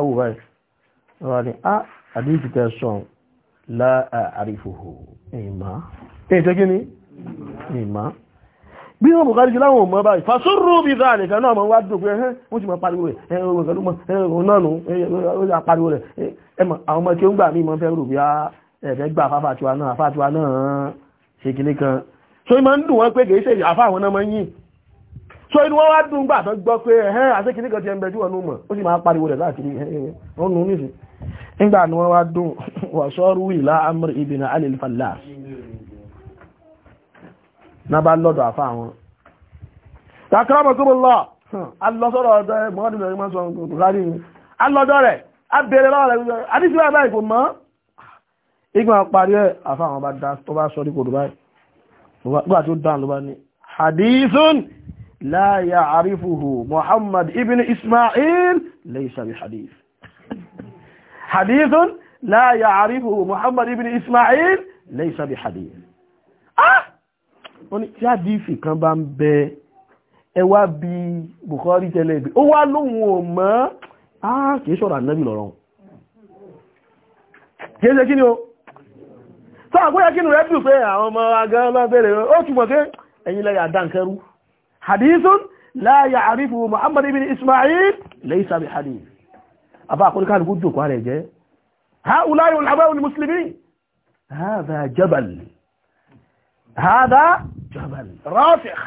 bí wọn bùkárí jù láwọn ọmọ báyìí fàṣúrù bí dáa nìkan náà mọ̀ wá dùn pé ẹ́ wọ́n ti mọ̀ pariwo rẹ̀ ẹ̀rọ ìgbẹ̀lú mọ̀ ẹ̀rọ náà nù ẹ̀rọ pariwo rẹ̀ ẹ̀mọ̀ àwọn ọmọ tí ó ń gbà mí mọ̀ fẹ́ rò bí ẹ̀fẹ́ gbà fáfàtiwa náà fáfàtiwa náà ṣe kìíní kan so ìmọ̀ ń dùn wọ́n pé kìí ṣe àfá àwọn náà mọ̀ yìn so inú wọn wá dùn gbà tó gbọ́ pé ẹ̀hẹ́n àṣẹ kìíní kan ti ẹ̀mbẹ̀ tí wọ́n nù mọ̀ ó sì máa pariwo rẹ̀ láàkiri ẹ̀hẹ́n nígbà ni wọ́n wá dùn wàṣọ́rù ìlà amr ibn náà bá lọ́dọ̀ àfá àwọn takaramakúrúlọ́ alọ́sọ́rọ̀ ọ̀dọ́ mọ́dún ẹ̀rí máa sọ rárí ni alọ́dọ́ rẹ̀ abẹ̀rẹ̀ lọ́wọ́ rẹ̀ adíṣẹ́ àbá ìkò mọ́ igbá parí ẹ̀ àfá àwọn bá dá tó bá sọ ní kòdù báyìí gbà tó dáa ló bá ní hadithun la ya'rifuhu muhammad ibn ismail laysa bi hadith hadithun la ya'rifuhu muhammad ibn ismail laysa bi hadith wọ́n ní tí àdífì kan bá ń bẹ ẹwà bí Bukhari tẹ́lẹ̀ bí ó wá lóhun ò mọ́ áà kìí ṣọ̀rọ̀ ànábì lọ́rọ̀ kìí ṣe kí ni o tó àgbóyà kí ni rẹ̀ dùn pé àwọn ọmọ agán máa bẹ̀rẹ̀ ó túnmọ̀ pé ẹ̀yin lẹ́yà dáǹkẹrú hadithun هؤلاء العباء المسلمين هذا جبل هذا jabal rafiq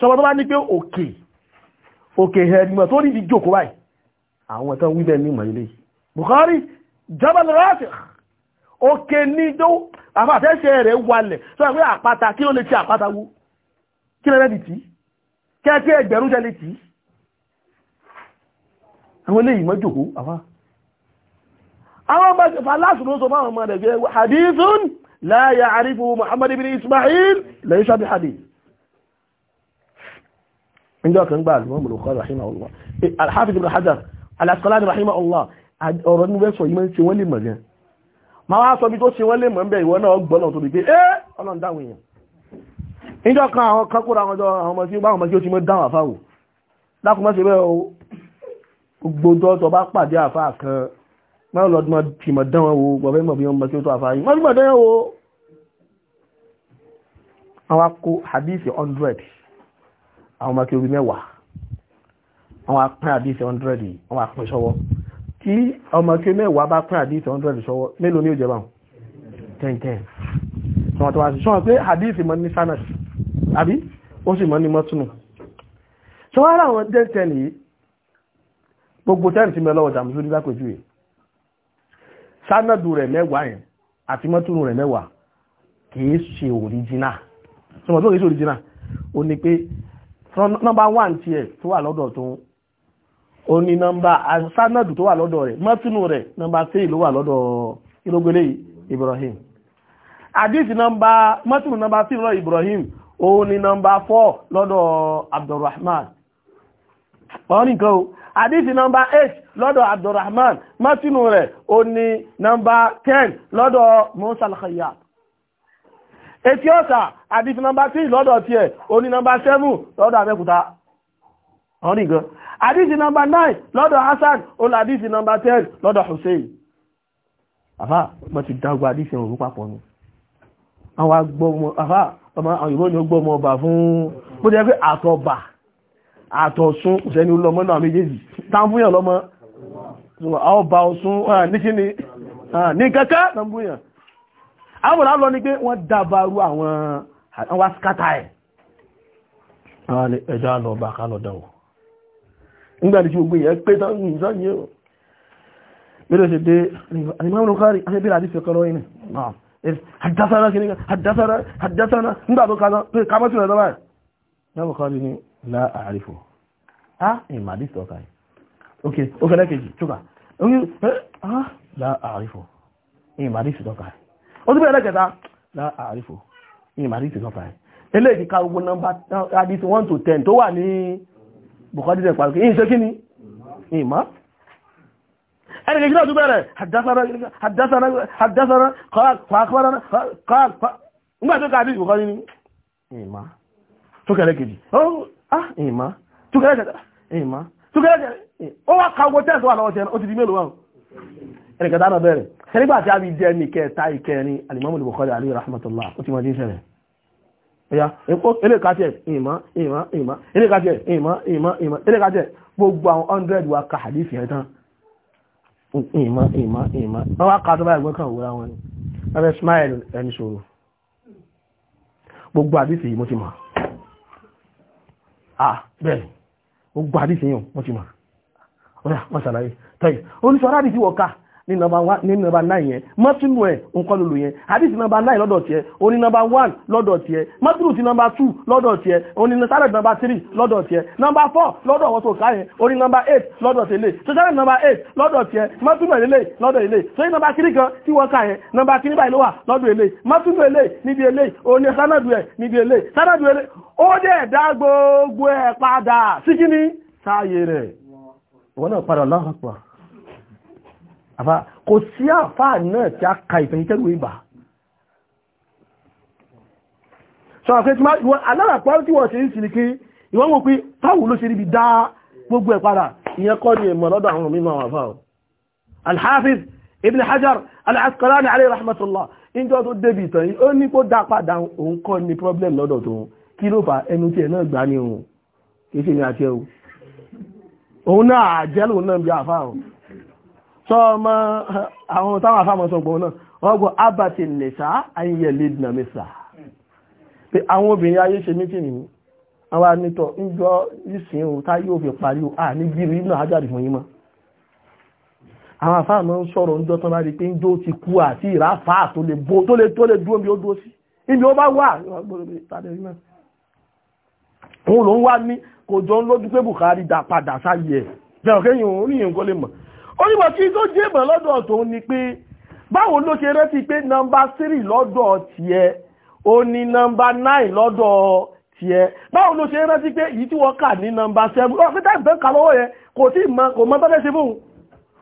sọba tó bá ní pé òkè òkè ẹ̀dùnmọ̀ tó ní ìjòkó báyìí àwọn ẹ̀tọ́ wíbẹ̀ ní ìmọ̀ ilé Bukhari jabal rafiq òkè ní tó àfàtẹ́ṣẹ́ rẹ̀ wálẹ̀ sọ pé àpáta kí ló lè ti àpáta wó kí lẹ́rẹ́ dìtì kẹ́ẹ̀kẹ́ ẹgbẹ̀rún jẹ́ lè tì àwọn ilé ìmọ̀ jòkó àwọn ọmọ fàlásùn no sọ fáwọn ọmọ rẹ̀ hadithun لا يعرفه محمد بن إسماعيل ليس بحديث من ذلك نقبل الإمام البخاري رحمه الله الحافظ ابن حجر العسقلاني رحمه الله ọ̀rọ̀ ní wẹ́sọ̀ yìí máa ń ṣe wọ́n lè mọ̀ gan ma wá sọ bí tó ṣe wọ́n lè mọ̀ ń bẹ̀ ìwọ náà gbọ́nà tó bí pé ẹ́ ọlọ́n dáwọn èèyàn níjọ́ kan àwọn kankúra àwọn ọmọ tí báwọn ọmọ tí ó ti mọ́ dáwọn àfáwò lákùnmọ́ sí bẹ́ẹ̀ gbogbo tó bá pàdé àfáà kan máa lọ ọdún tìmọ̀ dánwọ́ wo gbọ̀fẹ́ mọ̀ bí wọ́n mọ̀ kí ó tó àfáyí wọ́n tìmọ̀ dánwọ́ wo àwọn akó hadith 100 àwọn ọmọ kí mẹ́wàá àwọn apín hadith 100 àwọn apín sọ́wọ́ tí ọmọ kí mẹ́wàá bá pín hadith 100 sọ́wọ́ mélòó ní ó jẹba 10-10 sọ́wọ́n tó wá sí sọ́wọ́n pé hadith mọ́ sánàdù rẹ̀ mẹ́wàá yẹn àti mọ́túnù rẹ̀ mẹ́wàá kìí ṣe òríjínà ṣọmọ̀ tó kìí ṣe òríjínà ó ní pé nọ́mbà wán tí ẹ̀ tó wà lọ́dọ̀ tó ó ní nọ́mbà sánàdù tó wà lọ́dọ̀ rẹ̀ mọ́túnù rẹ̀ nọ́mbà tí ló wà lọ́dọ̀ irógbélé Ibrahim àdísì nọ́mbà mọ́túnù nọ́mbà tí lọ́dọ̀ Ibrahim ó ní nọ́mbà 4 lọ́dọ̀ Abdulrahman ọ̀rìn kan àdísì nọmba 8 lọ́dọ̀ abdulrahman mọ́tínú rẹ̀ ó ní nọmba 10 lọ́dọ̀ musa al-khayyat etí ọ̀sà àdísì nọmba 3 lọ́dọ̀ tiẹ̀ ó ní nọmba 7 lọ́dọ̀ abẹ́kúta ọ̀rìn gan àdísì nọmba 9 lọ́dọ̀ hassan ó lọ àdísì nọmba 10 lọ́dọ̀ hussein àfá mọ́ ti dágbà àdísì òun papọ̀ ni àwọn agbọ́mọ àfá ọmọ òyìnbó ni ó gbọ́mọ ọba fún bó jẹ́ pé àtọ̀bà àtọ̀sún kò sẹ́ni olọ́mọ náà méjèèjì tàbúyàn lọ́mọ ọba ọ̀sún níṣẹ́ ni ní kẹ́kẹ́ tàbúyàn àwọn olálọ́ ní pé wọ́n dábàrú àwọn àwọn skátà ẹ̀ ẹjọ́ alọ́ba kálọ̀dáwọ̀ nígbàtí gbogbo èèyàn pé tán ní ìsáyẹ̀ mẹ́lẹ̀ ṣe dé alimọ́rún kárí afẹ́bẹ̀rẹ̀ àti fẹ́kọ́rọ́ inú àdásánà kìnnìkan àdásánà nígbàtí kamọ́sílẹ̀ lọ́wọ́ la àrífò ah ìmà dí sọ́kà yìí ok ó kẹ́lẹ́ kejì ṣúkà ok ah la àrífò ìmà dí sọ́kà yìí ó tún bẹ́ẹ̀ lẹ́kẹta la àrífò ìmà dí sọ́kà yìí eléyìí ká gbogbo nọ́mbà adìsí 1 to 10 tó wà ní bukọ́dí tẹ̀ pàlùkì ìṣe kí ni ìmá ẹni kejì náà tún bẹ̀rẹ̀ àdásánà kọ́àkọ́rọ̀ kọ́àkọ́rọ̀ nígbà tó kàbí bukọ́dí ni ìmá tó kẹ̀lẹ́ kejì oh, ah ima, túkẹ́rẹ́ jẹ̀dá Ima, túkẹ́rẹ́ jẹ̀dá ó wá ka owó tẹ́sí wà lọ́wọ́ tẹ́ ó ti di mélòó wà ẹnìkẹta náà bẹ̀rẹ̀ ṣẹlẹ́gbà tí a bí jẹ́ ní kẹta ìkẹrin alimami Bukhari alayhi rahmatullah O ti mọ̀ ní ìṣẹ̀lẹ̀ ẹ̀yà elékàtẹ̀ ima, eh, ìmá eh, eh, ìmá elékàtẹ̀ ìmá ima, ìmá elékàtẹ̀ gbogbo àwọn 100 wa ka hadith yẹn tán ìmá Ima, ima, wọ́n wá ka tó bá ẹgbẹ́ kan wúra wọn ni wọ́n fẹ́ smile ẹni ṣòro gbogbo hadith yìí mo ti mọ̀ Ah, bẹ́ẹ̀ ó gbà àdìsí yàn wọ́n ti mọ̀ ọ́yà wọ́n ṣàlàyé tẹ́yì oníṣọ́ aládìsí wọ̀ ká ní nọmba náà yẹn mọ́tìlù ẹ̀ nǹkan lòlò yẹn hadith nọmba náà lọ́dọ̀ tiẹ̀ oní nọmba one lọ́dọ̀ tiẹ̀ mọ́tìlù ti nọmba two lọ́dọ̀ tiẹ̀ oní sálẹ̀ nọmba three lọ́dọ̀ tiẹ̀ nọmba four lọ́dọ̀ wọn tó ká yẹn oní nọmba eight lọ́dọ̀ tẹ̀lé sọ́sálẹ̀ nọmba eight lọ́dọ̀ tiẹ̀ mọ́tìlù ilé lọ́dọ̀ ilé sọ́yìn nọmba kiri kan tí wọ́n ká yẹn nọmba kiri báyìí ló wà lọ́dọ̀ ilé mọ́tìlù ilé níbi ilé oní sánàdù ẹ̀ níbi ilé sánàdù ilé ó dẹ̀ dá gbogbo ẹ̀ padà sí kíní sáàyè rẹ̀ wọ́n náà padà láhàpàá àfá kò sí àfá náà tí a ka ìfẹ̀yìn tẹ́lú ìbà sọ àfẹ́ tí wọ́n aláàpá tí wọ́n ṣe ń sì ní kí ìwọ́n mọ̀ pé táwù ló ṣe ríbi dá gbogbo ẹ̀ padà ìyẹn kọ́ ni ẹ̀mọ̀ lọ́dọ̀ àwọn mímọ̀ àwọn àfá Al-Hafiz Ibn Hajar Al-Asqalani alayhi rahmatullah injọ tó débi ìtàn yìí ó ní kó dá padà òun kọ́ ni problem lọ́dọ̀ tó kí ló fà ẹnu tí ẹ̀ náà gbá ní òun kì í ṣe ní àti ẹ̀hùn òun náà sọ ọmọ àwọn táwọn afámọ́sọ̀gbọ̀n náà wọ́n gbọ́ abati nìsá ayẹyẹ lẹ́dìnà mẹ́sà pé àwọn obìnrin ayé ṣe mítì nìyí àwọn anìtọ̀ ń jọ ìsìn ohun tá yóò fi parí à ní gírí ibùnà ajáde fún yín mọ́ àwọn afáàmọ́ ń sọ̀rọ̀ ń jọ tán bá rí pé ń jó ti kú àti ìráfà tó lè bó tó lè tó lè dúró bí ó dúró sí ibi ó bá wà òun ló ń wá ní kò jọ ń lójú pé Buhari dá padà sáyé ẹ̀ bẹ̀rẹ̀ òun ní ìyẹn kó lè mọ̀ onímọ̀ tí tó jẹ́ ìmọ̀ lọ́dọ̀ tòun ni pé báwo ló ṣe rántí pé nọmba tírì lọ́dọ̀ tiẹ̀ ó ní nọmba náì lọ́dọ̀ tiẹ̀ báwo ló ṣe rántí pé èyí tí wọ́n kà ní nọmba sẹ́fún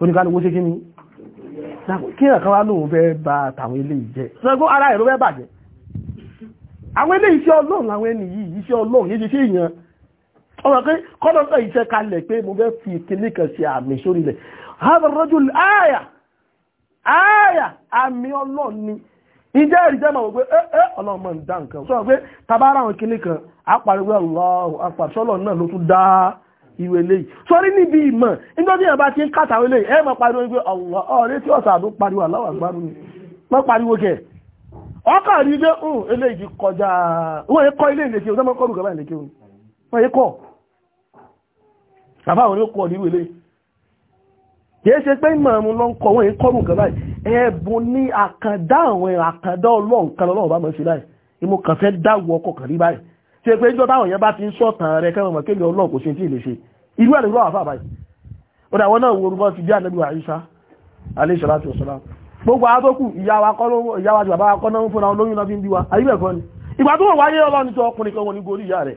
oníkálukú sí kí ni kí ẹ̀kan wá lóun fẹ́ bá tàwọn ilé ìjẹ́ ṣẹ́gbọ́n ara ẹ̀rọ fẹ́ bàjẹ́ àwọn ilé iṣẹ́ ọlọ́run àwọn ẹni yìí iṣẹ́ ọlọ́run yìí ṣe èèyàn ọmọ pé kọ́lọ́tọ̀ iṣẹ́ kalẹ̀ pé mo fẹ́ fi kíní kan ṣe àmì sórí ilẹ̀ hàbà rọ́jù ààyà ààyà àmì ọlọ́run ni ìjẹ́ ìrìjẹ́ máa wọ pé ẹ eh, ẹ eh, ọlọ́run máa ń dá nǹkan sọ pé tabára àwọn kíní kan apariwo ọlọ́run apàṣọ́lọ́run náà ló tún dáa ìwé lẹ́yìn sórí níbi ìmọ̀ nígbà bá ti ń kàtàwé lẹ́yìn ẹ pariwo wípé ọ̀wọ́ ọ̀rẹ́ tí ọ̀sà àdó pariwo aláwọ̀ àgbárù ni wọ́n pariwo kẹ̀ ọkà rí pé ń eléyìí kọjá wọ́n yẹ kọ́ ilé ìlẹ̀kẹ́ wọ́n kọ́ lùkọ́ ìlẹ̀kẹ́ wọ́n yẹ kọ́ bàbá àwọn yóò kọ́ ní ìwé lẹ́yìn kìí ṣe pé ìmọ̀ ọ̀run lọ ń kọ wọ́n yẹ kọ́ lùkọ́ báyìí ẹ̀bùn ní àkàndá àwọn àkàndá ọlọ́ọ̀kan lọ́wọ́ bá mọ̀ sí láì ìmọ̀ kàn dáwọ́ ọkọ̀ kàn báyìí ṣe pé ìjọba àwọn èèyàn bá ti ń sọ̀tàn rẹ kẹ́wọ̀n mọ̀ kéde ọlọ́run kò ṣe tí ì lè ṣe irú ẹ̀ lọ́wọ́ àfà báyìí ó dà wọn náà wo orúkọ ti bí ànábì àyíṣà alayhi salatu wassalam gbogbo àwọn tó kù ìyá wa àti bàbá wa kọ́ náà ń fúnra lóyún náà fi ń bí wa àyíbẹ̀ kọ́ ni ìgbà tó wọ́n wáyé ọlọ́run tó ọkùnrin kan wọn ní gorí ìyá rẹ̀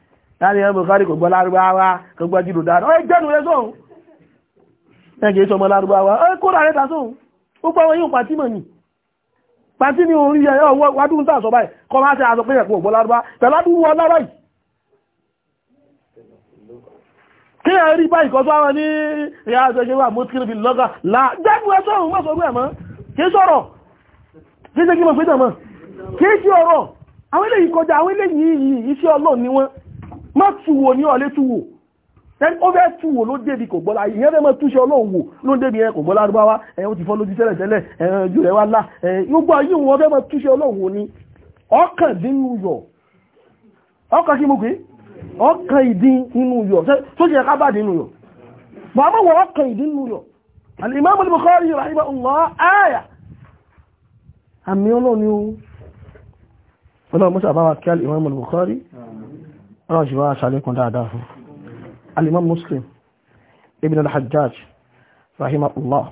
láàrin ọmọ kárí kò gbọ́ lárúbáwá kò gbọ́ jùlọ dáadáa ọ jẹ́nu rẹ sóhun ẹgbẹ̀ ìṣọmọ lárúbáwá ọ kó rà rẹta sóhun púpọ̀ wọn yóò pàtí mọ̀ ní pàtí ní orí ẹ̀ wádùn tàà sọ báyìí kọ máa ṣe àṣọ pé ẹ̀kọ́ gbọ́ lárúbá pẹ̀ládùn wọn lára yìí kí ẹ rí báyìí kọ́ tó àwọn ní ìyá àṣẹṣe wà mú kírìbì lọ́gà là jẹ́nu ẹ sóhun mọ́ sọ bẹ́ẹ̀ mọ́ kí sọ̀rọ̀ kí ṣe kí mọ̀ pé tàn mọ́ kí ṣe ọ̀rọ̀ àwọn eléyìí kọjá àwọn eléyìí iṣẹ́ Ọlọ́run ni wọ́n má túwò ní ọ̀lẹ́ túwò ẹni ó fẹ́ túwò ló débi kò gbọ́lá ìyẹn fẹ́ mọ́ túṣe ọlọ́run wò ló débi ẹ kò gbọ́lá arúgbáwá ẹ ó ti fọ́ lójú tẹ́lẹ̀ tẹ́lẹ̀ ẹ ojú rẹ̀ wá lá ẹ gbogbo ayé wọn fẹ́ mọ́ túṣe ọlọ́run wò ni ọkàn dín nínú yọ ọkàn kí mo pè ọkàn ìdín nínú yọ tó ṣe ká bàdín nínú yọ bàbá wọn ọkàn ìdín nínú yọ al-Imam al-Bukhari rahimahullah aya àmì ọlọ́run ni ó ọlọ́run mọ́sàbáwà kí al-Imam al-Bukhari ọlọ́run ṣe wá ṣàlékún dáadáa fún alimọ́ muslim ibn al-hajjaj rahimahullah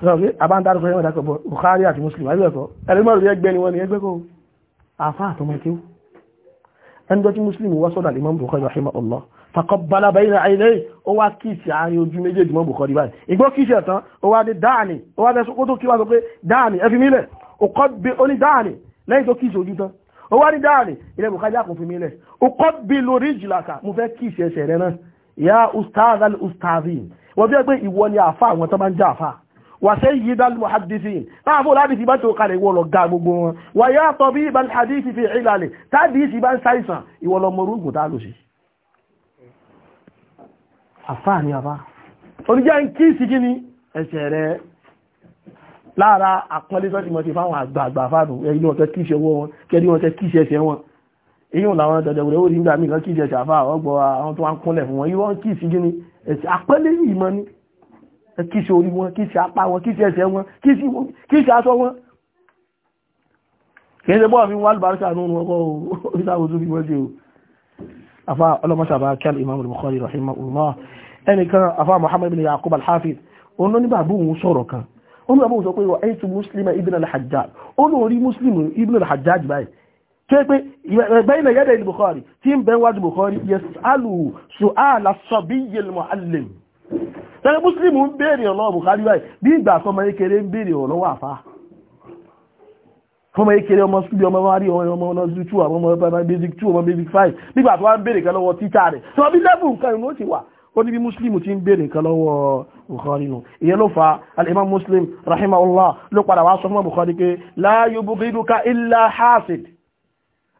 sọ́rọ̀ pé àbáńdárúkọ yẹ́mọ̀ dákọ̀bọ̀ bukhari àti muslim àìbẹ̀kọ́ ẹ̀rẹ́mọ̀ rí ẹgbẹ́ ni wọ́n ni ẹgbẹ́ kó àfá àtọmọ̀kíw ẹnjọ́ tí muslim wá sọ́dọ̀ alimọ́ bukhari rahimahullah faqabbala bayna àìlẹ́ ó wá kíìsì àárín ojú méjèèjì mọ́ bukhari báyìí ìgbọ́ kíìsì ẹ̀tán ó wá dé dáàni ó wá dé sókótó ó wá ní dáàrin ilẹ̀ bùkájá kò fi mi lẹ̀ ó kọ́ bí lórí ìjìláka mo fẹ́ kí ìṣẹ̀ṣẹ̀ rẹ náà ya ustaz al ustazin wọ́n bí ẹ pé ìwọ ni àfa àwọn tó máa ń já àfa wà sẹ́ yìí dá lọ hadithi náà fún láti fi bá tó kalẹ̀ ìwọ lọ ga gbogbo wọn wà yá tọ́ bí ibà hadithi fi ìlàlẹ̀ tábí ìsì bá ń ṣàìsàn ìwọ lọ mọ orúkọ tá lò sí. àfa ni àfa oníjà ń kí ìsìnkí ni ẹsẹ̀ rẹ̀ lára àpọ́nlé tó ti mọ̀ sí fáwọn àgbààgbà fáàdù ẹ̀yìn wọn tẹ́ kí ṣe owó wọn kẹ́rí wọn tẹ́ kí ṣe ṣe wọn èyàn làwọn dẹ̀dẹ̀ wòlé orí nígbà míì kan kí ṣe ṣàfà ọgbọ̀ àwọn tó wá ń kúnlẹ̀ fún wọn yíwọ́ ń kí sí gíní ẹ̀sì àpọ́nlé yìí mọ́ ní kí ṣe orí wọn kí ṣe apá wọn kí ṣe ẹsẹ̀ wọn kí ṣe aṣọ wọn. kì í ṣe bọ́ọ̀ fi wá lùbáríṣà nínú ọkọ̀ oríṣàwọ̀ tó fi wọ́n ṣe muhammad bin yaqub al-hafiz òun ló ní olùwàbọ̀ sọ pé wà ẹ̀tù muslim ibn al-hajjaj olórí muslim ibn al-hajjaj báyìí tó pé bẹ́yìn ẹ̀yẹ́dẹ̀ ìlú bukhari tí ń bẹ́ wájú bukhari yas'alu su'ala sabiyyi al-muallim tẹ́lẹ̀ muslim ń béèrè ọ̀lọ́ bukhari báyìí bí ìgbà sọmọ ekere ń béèrè ọ̀lọ́ wà fá fọmọ ekere ọmọ sukúlì ọmọ wárí ọmọ ọmọ ọdún two ọmọ ọmọ basic two ọmọ basic five nígbà tó wá ń béèrè kan lọ́wọ́ títà rẹ̀ sọ bí lẹ́bù nǹkan ìrún ó ti wà ó ní bí muslim ti ń béèrè kan lọ́wọ́ Bukhari nù ìyẹn ló fa al-Imam Muslim rahimahullah ló padà wá sọ fún Bukhari pé la yubghiduka illa hasid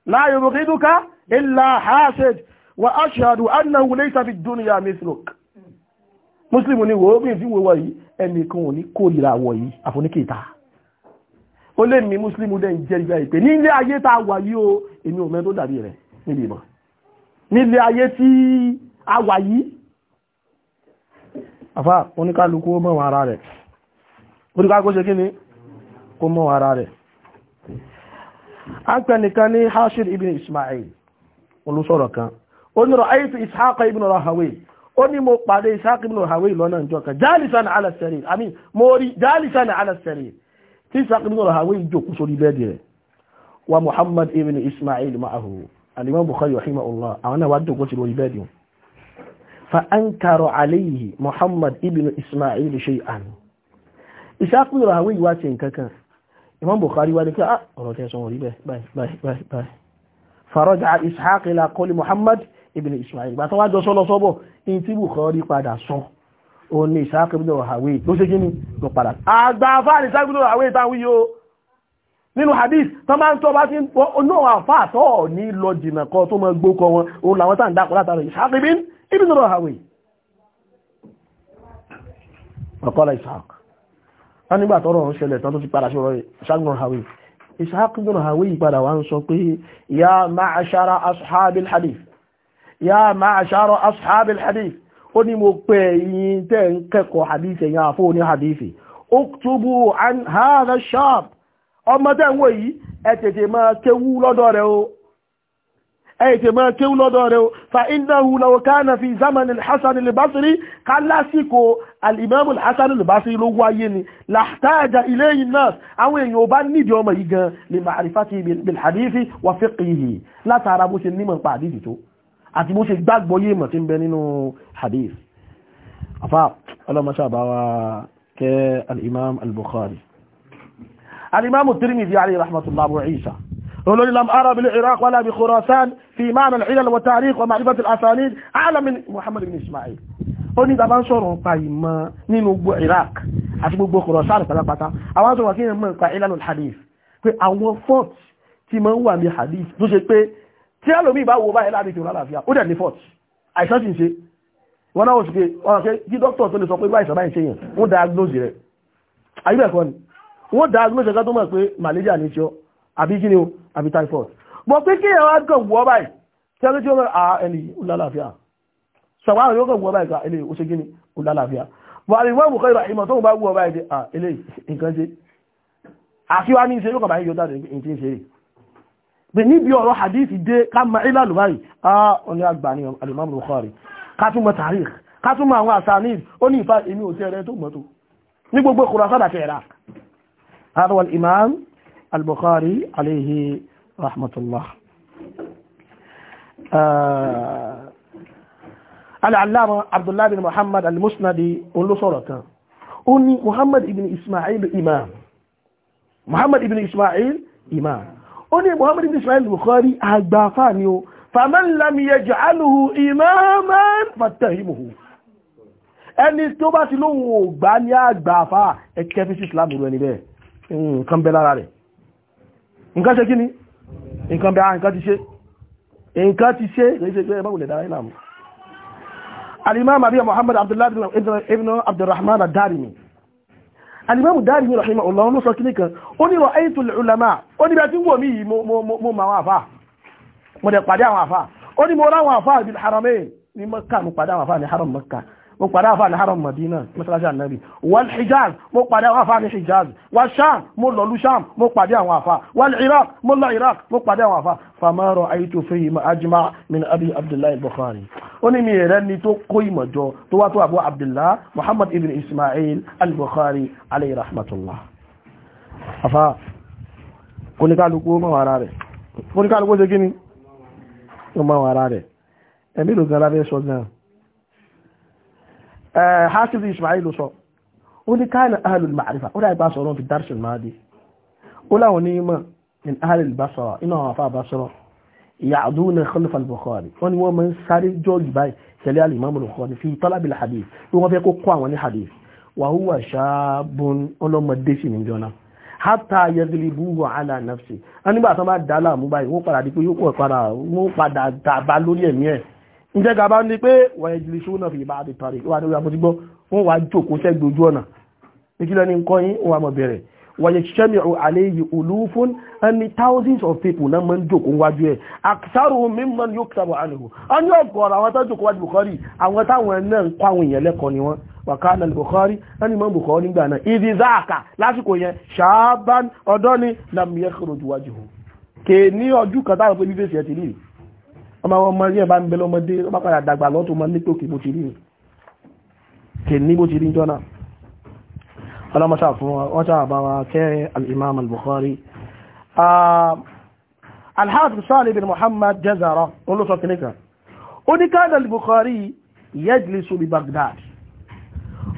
la yubghiduka illa hasid wa ashhadu annahu laysa fi dunya mithluk Muslim ní wo bí fi wọ́wọ́ yìí ẹnìkan ò ní kórìíra wọ̀ yìí àfoníkèta ó lè ní Muslim dẹ̀ ń jẹ́rìí báyìí pé ní ilé ayé tá a wà yìí o èmi ò mẹ́ tó dàbí rẹ̀ níbi ìmọ̀ nílé ayé tí a wà yìí àfá oníkálukú ó mọ̀wọ̀ ara rẹ̀ oníkálukú ṣe kí ni kó mọ̀wọ̀ ara rẹ̀ an pẹ̀ nìkan ní hashir ibn ismail olùsọ̀rọ̀ kan ó ní ra'aytu ishaq ibn rahaway ó ní mo pàdé ishaq ibn rahaway lọ́nà ìjọ kan jalisan ala sarir àmì mo rí jalisan ala sarir tí ishaq ibn rahaway fa'ankaro alayhi muhammad ibn ismail shay'an ishaq bin rahawi wá ṣe nǹkankan imam bukhari wá ní kí ah, ọ̀rọ̀ tẹ́ sọ rí bẹ́ẹ̀ faraja ishaq ila qawli muhammad ibn ismail bá tọ́wájọ́ sọ́lọ sọ́bọ̀ in tí bukhari padà sọ o ní ishaq bin rahawi ló ṣe gíní ló padà àgbàfà ní ishaq bin rahawi táwọn yóò nínú hadith tó máa ń tọ́ bá tí ó náà àfáà tọ́ ní lọ jìnà kan tó mọ́ gbókọ wọn òun làwọn tàà ń dákọ̀ látàrí ishaq bin ابن راهوي وقال إسحاق أنا بقى ترى هشلة تنتظر بقى شو إسحاق راهوي إسحاق ابن راهوي بقى وان يا معشر أصحاب الحديث يا معشر أصحاب الحديث oni mo pe yin te nkeko hadith yin afo ni hadith uktubu an hadha shab o ma te wo yi e tete ma kewu lodo re o ẹ̀tẹ̀ mọ́ kí ó lọ́dọ̀ rẹ̀ fa innahu law kana fi zaman al-hasan al-basri ká lásìkò al-imam al-hasan al-basri ló wáyé ni lahtaja ilayhi an-nas àwọn èèyàn ò bá nídìí ọmọ yìí gan li ma'rifati bil hadithi wa fiqhihi látara bó ṣe nímọ̀ pa hadithi tó àti bó ṣe gbàgbọ́ yé mọ̀ tí ń bẹ nínú hadith afa ọlọ́mọṣà bá wa kẹ́ al-imam al-bukhari al-imam at-tirmidhi alayhi rahmatullah abu isa olórí لم arab بالعراق ولا wà في معنى العلل والتاريخ al-ilal wa من محمد بن إسماعيل. asanid alam min muhammad bin ismail ó ní tàbá ń sọ̀rọ̀ pa ìmọ̀ nínú gbogbo iraq àti gbogbo khorasan pátápátá àwọn tó wà kí ẹmọ ìpa ilal al-hadith pé àwọn fort ti máa ń wà ní hadith tó ṣe pé tí ẹlòmí bá wo báyìí láti kìrò lálàáfíà ó dẹ̀ ní fort àìsàn ti ń ṣe wọ́n náà òṣìṣẹ́ ọ̀rọ̀ pé kí dókítà tó lè sọ pé bá ìṣàbá ìṣe yẹn wọ́n diagnose rẹ̀ àyíbẹ̀kọ́ ni wọ́n diagnose ẹ̀ká tó mọ̀ pé malaria ní ṣọ́ àbí kí ni o àbí typhoid mọ̀ pé kí èèyàn wá gàn wọ́ báyìí tí ẹni tí ó rẹ̀ à ẹni ó lálàáfíà ṣàwọn àwọn yóò gàn wọ́ báyìí ká ẹni ó ṣe kí ni ó lálàáfíà wà á rí wọ́n bùkọ́ ìrà ìmọ̀ tó ń bá wọ́ báyìí à ilé nǹkan ṣe àfi wá ní ṣe yóò kàn báyìí yóò dáre ní ti ń ṣe rè bẹ́ẹ̀ níbi ọ̀rọ̀ hadith dé ká هذا هو al-Bukhari alayhi rahmatullah uh, al-Allama Abdullah bin Muhammad al-Musnadi olóṣọ̀rọ̀ kan ó ní Muhammad ibn Ismail imam Muhammad ibn Ismail imam ó ní Muhammad ibn Ismail Bukhari agbáfà ni ó faman lam yaj'alhu imaman fattahimuhu ẹni tó bá ti lóhun ò gbá ní àgbàfà ẹkẹfí sí Islam rẹ̀ níbẹ̀ nǹkan bẹ́ lára rẹ̀ nǹkan ṣe kí ni nǹkan bẹ̀rẹ̀ ah, nǹkan ti ṣe nǹkan ti ṣe ìrìnṣẹ́ ìbáwòlẹ̀ dára ìlàmù alìmáàmù àbí Muhammad Abdullahi ibn Abdurrahman ad-Darimi alìmáàmù Darimi rahimahullah ló sọ kí nìkan ó ní ra'aytul ulama ó ní bẹ́ẹ̀ tí wò mo ma wọn mo dẹ̀ pàdé àwọn àfà ó ní mo ráwọn àfà Makkah mo pàdé àwọn haram Makkah mo padà wà fáàní haram madina mọ́sálásí ànábì wal hijaz mo padà wà fáàní hijaz wal sham mo lọ́lú sham mo padà àwọn àfà wal iraq mo lọ iraq mo padà àwọn àfà fama ra'aytu fihi ma ajma min abi abdullahi bukhari ó ní mi rẹ̀ ni tó kó ìmọ̀jọ tó wá tó abu abdullah muhammad ibn ismail al-bukhari alayhi rahmatullah afa kóníkálukú mọ́ ara rẹ̀ kóníkálukú ṣe kí ni ó mọ́ ara rẹ̀ ẹ̀mí ló gan lábẹ́ sọ gan hafiz ismail sọ ó ní káàna ahlul ma'rifa ó dáa ìbáṣọ ọ̀rọ̀ fi darsul maadi ó láwọn onímọ̀ min ahlul basra iná àwọn afá basra ya'duna khalfa al-bukhari wọ́n ni wọ́n máa ń sáré jọ́ọ̀gì báyìí tẹ̀lé al-imam al-bukhari fi talab al-hadith bí wọ́n fẹ́ kó kọ́ àwọn ní hadith wa huwa shabun ọlọ́mọdé sì ní jọ́nà hátà yẹgilibuhu ala nafsi a nígbà tó bá dá láàmú báyìí wọ́n padà dípé yóò padà dàbá lórí ẹ̀mí ẹ̀ ǹjẹ́ gàbá ní pé wà ìjìlì ṣó náà fi ìbá àti tàrí wà ní ìyàmó ti gbọ́ wọ́n wà jòkó sẹ́gbẹ̀ ojú ọ̀nà ìkílẹ̀ ní nǹkan yín wà mọ̀ bẹ̀rẹ̀ wàyè ṣẹ́mìrù àléyìí olúfún ẹni thousands of people náà máa ń jòkó wájú ẹ̀ àkísàrò mímọ́ ni yóò kìsàbọ̀ àlùkò a ní ọ̀pọ̀ ọ̀rọ̀ àwọn tó jòkó wájú Bukhari àwọn táwọn náà ń kọ́ àwọn èèyàn lẹ́kọ̀ọ́ ni wọ́n wàkánà Bukhari ẹni mọ́ Bukhari nígbà náà ìdí záàkà lásìkò yẹn ṣàbán ọ̀dọ́ ni lam yakhruj wajhu kè ní ọdún kan táwọn pé bíbélì ẹ̀ ti rí ọmọ ọmọ yẹn bá ń bẹ lọ́mọdé ọmọ padà dàgbà lọ́tún ọmọ nípòkè bó ti rí kè ní bó ti rí jọ́nà ọlọ́mọṣà fún wọn ṣáà bá wa kẹ́ al-imam al-bukhari alhaji salih bin muhammad jazara olóṣọ kìnìkà ó ní káàdà al-bukhari yajlisu bi baghdad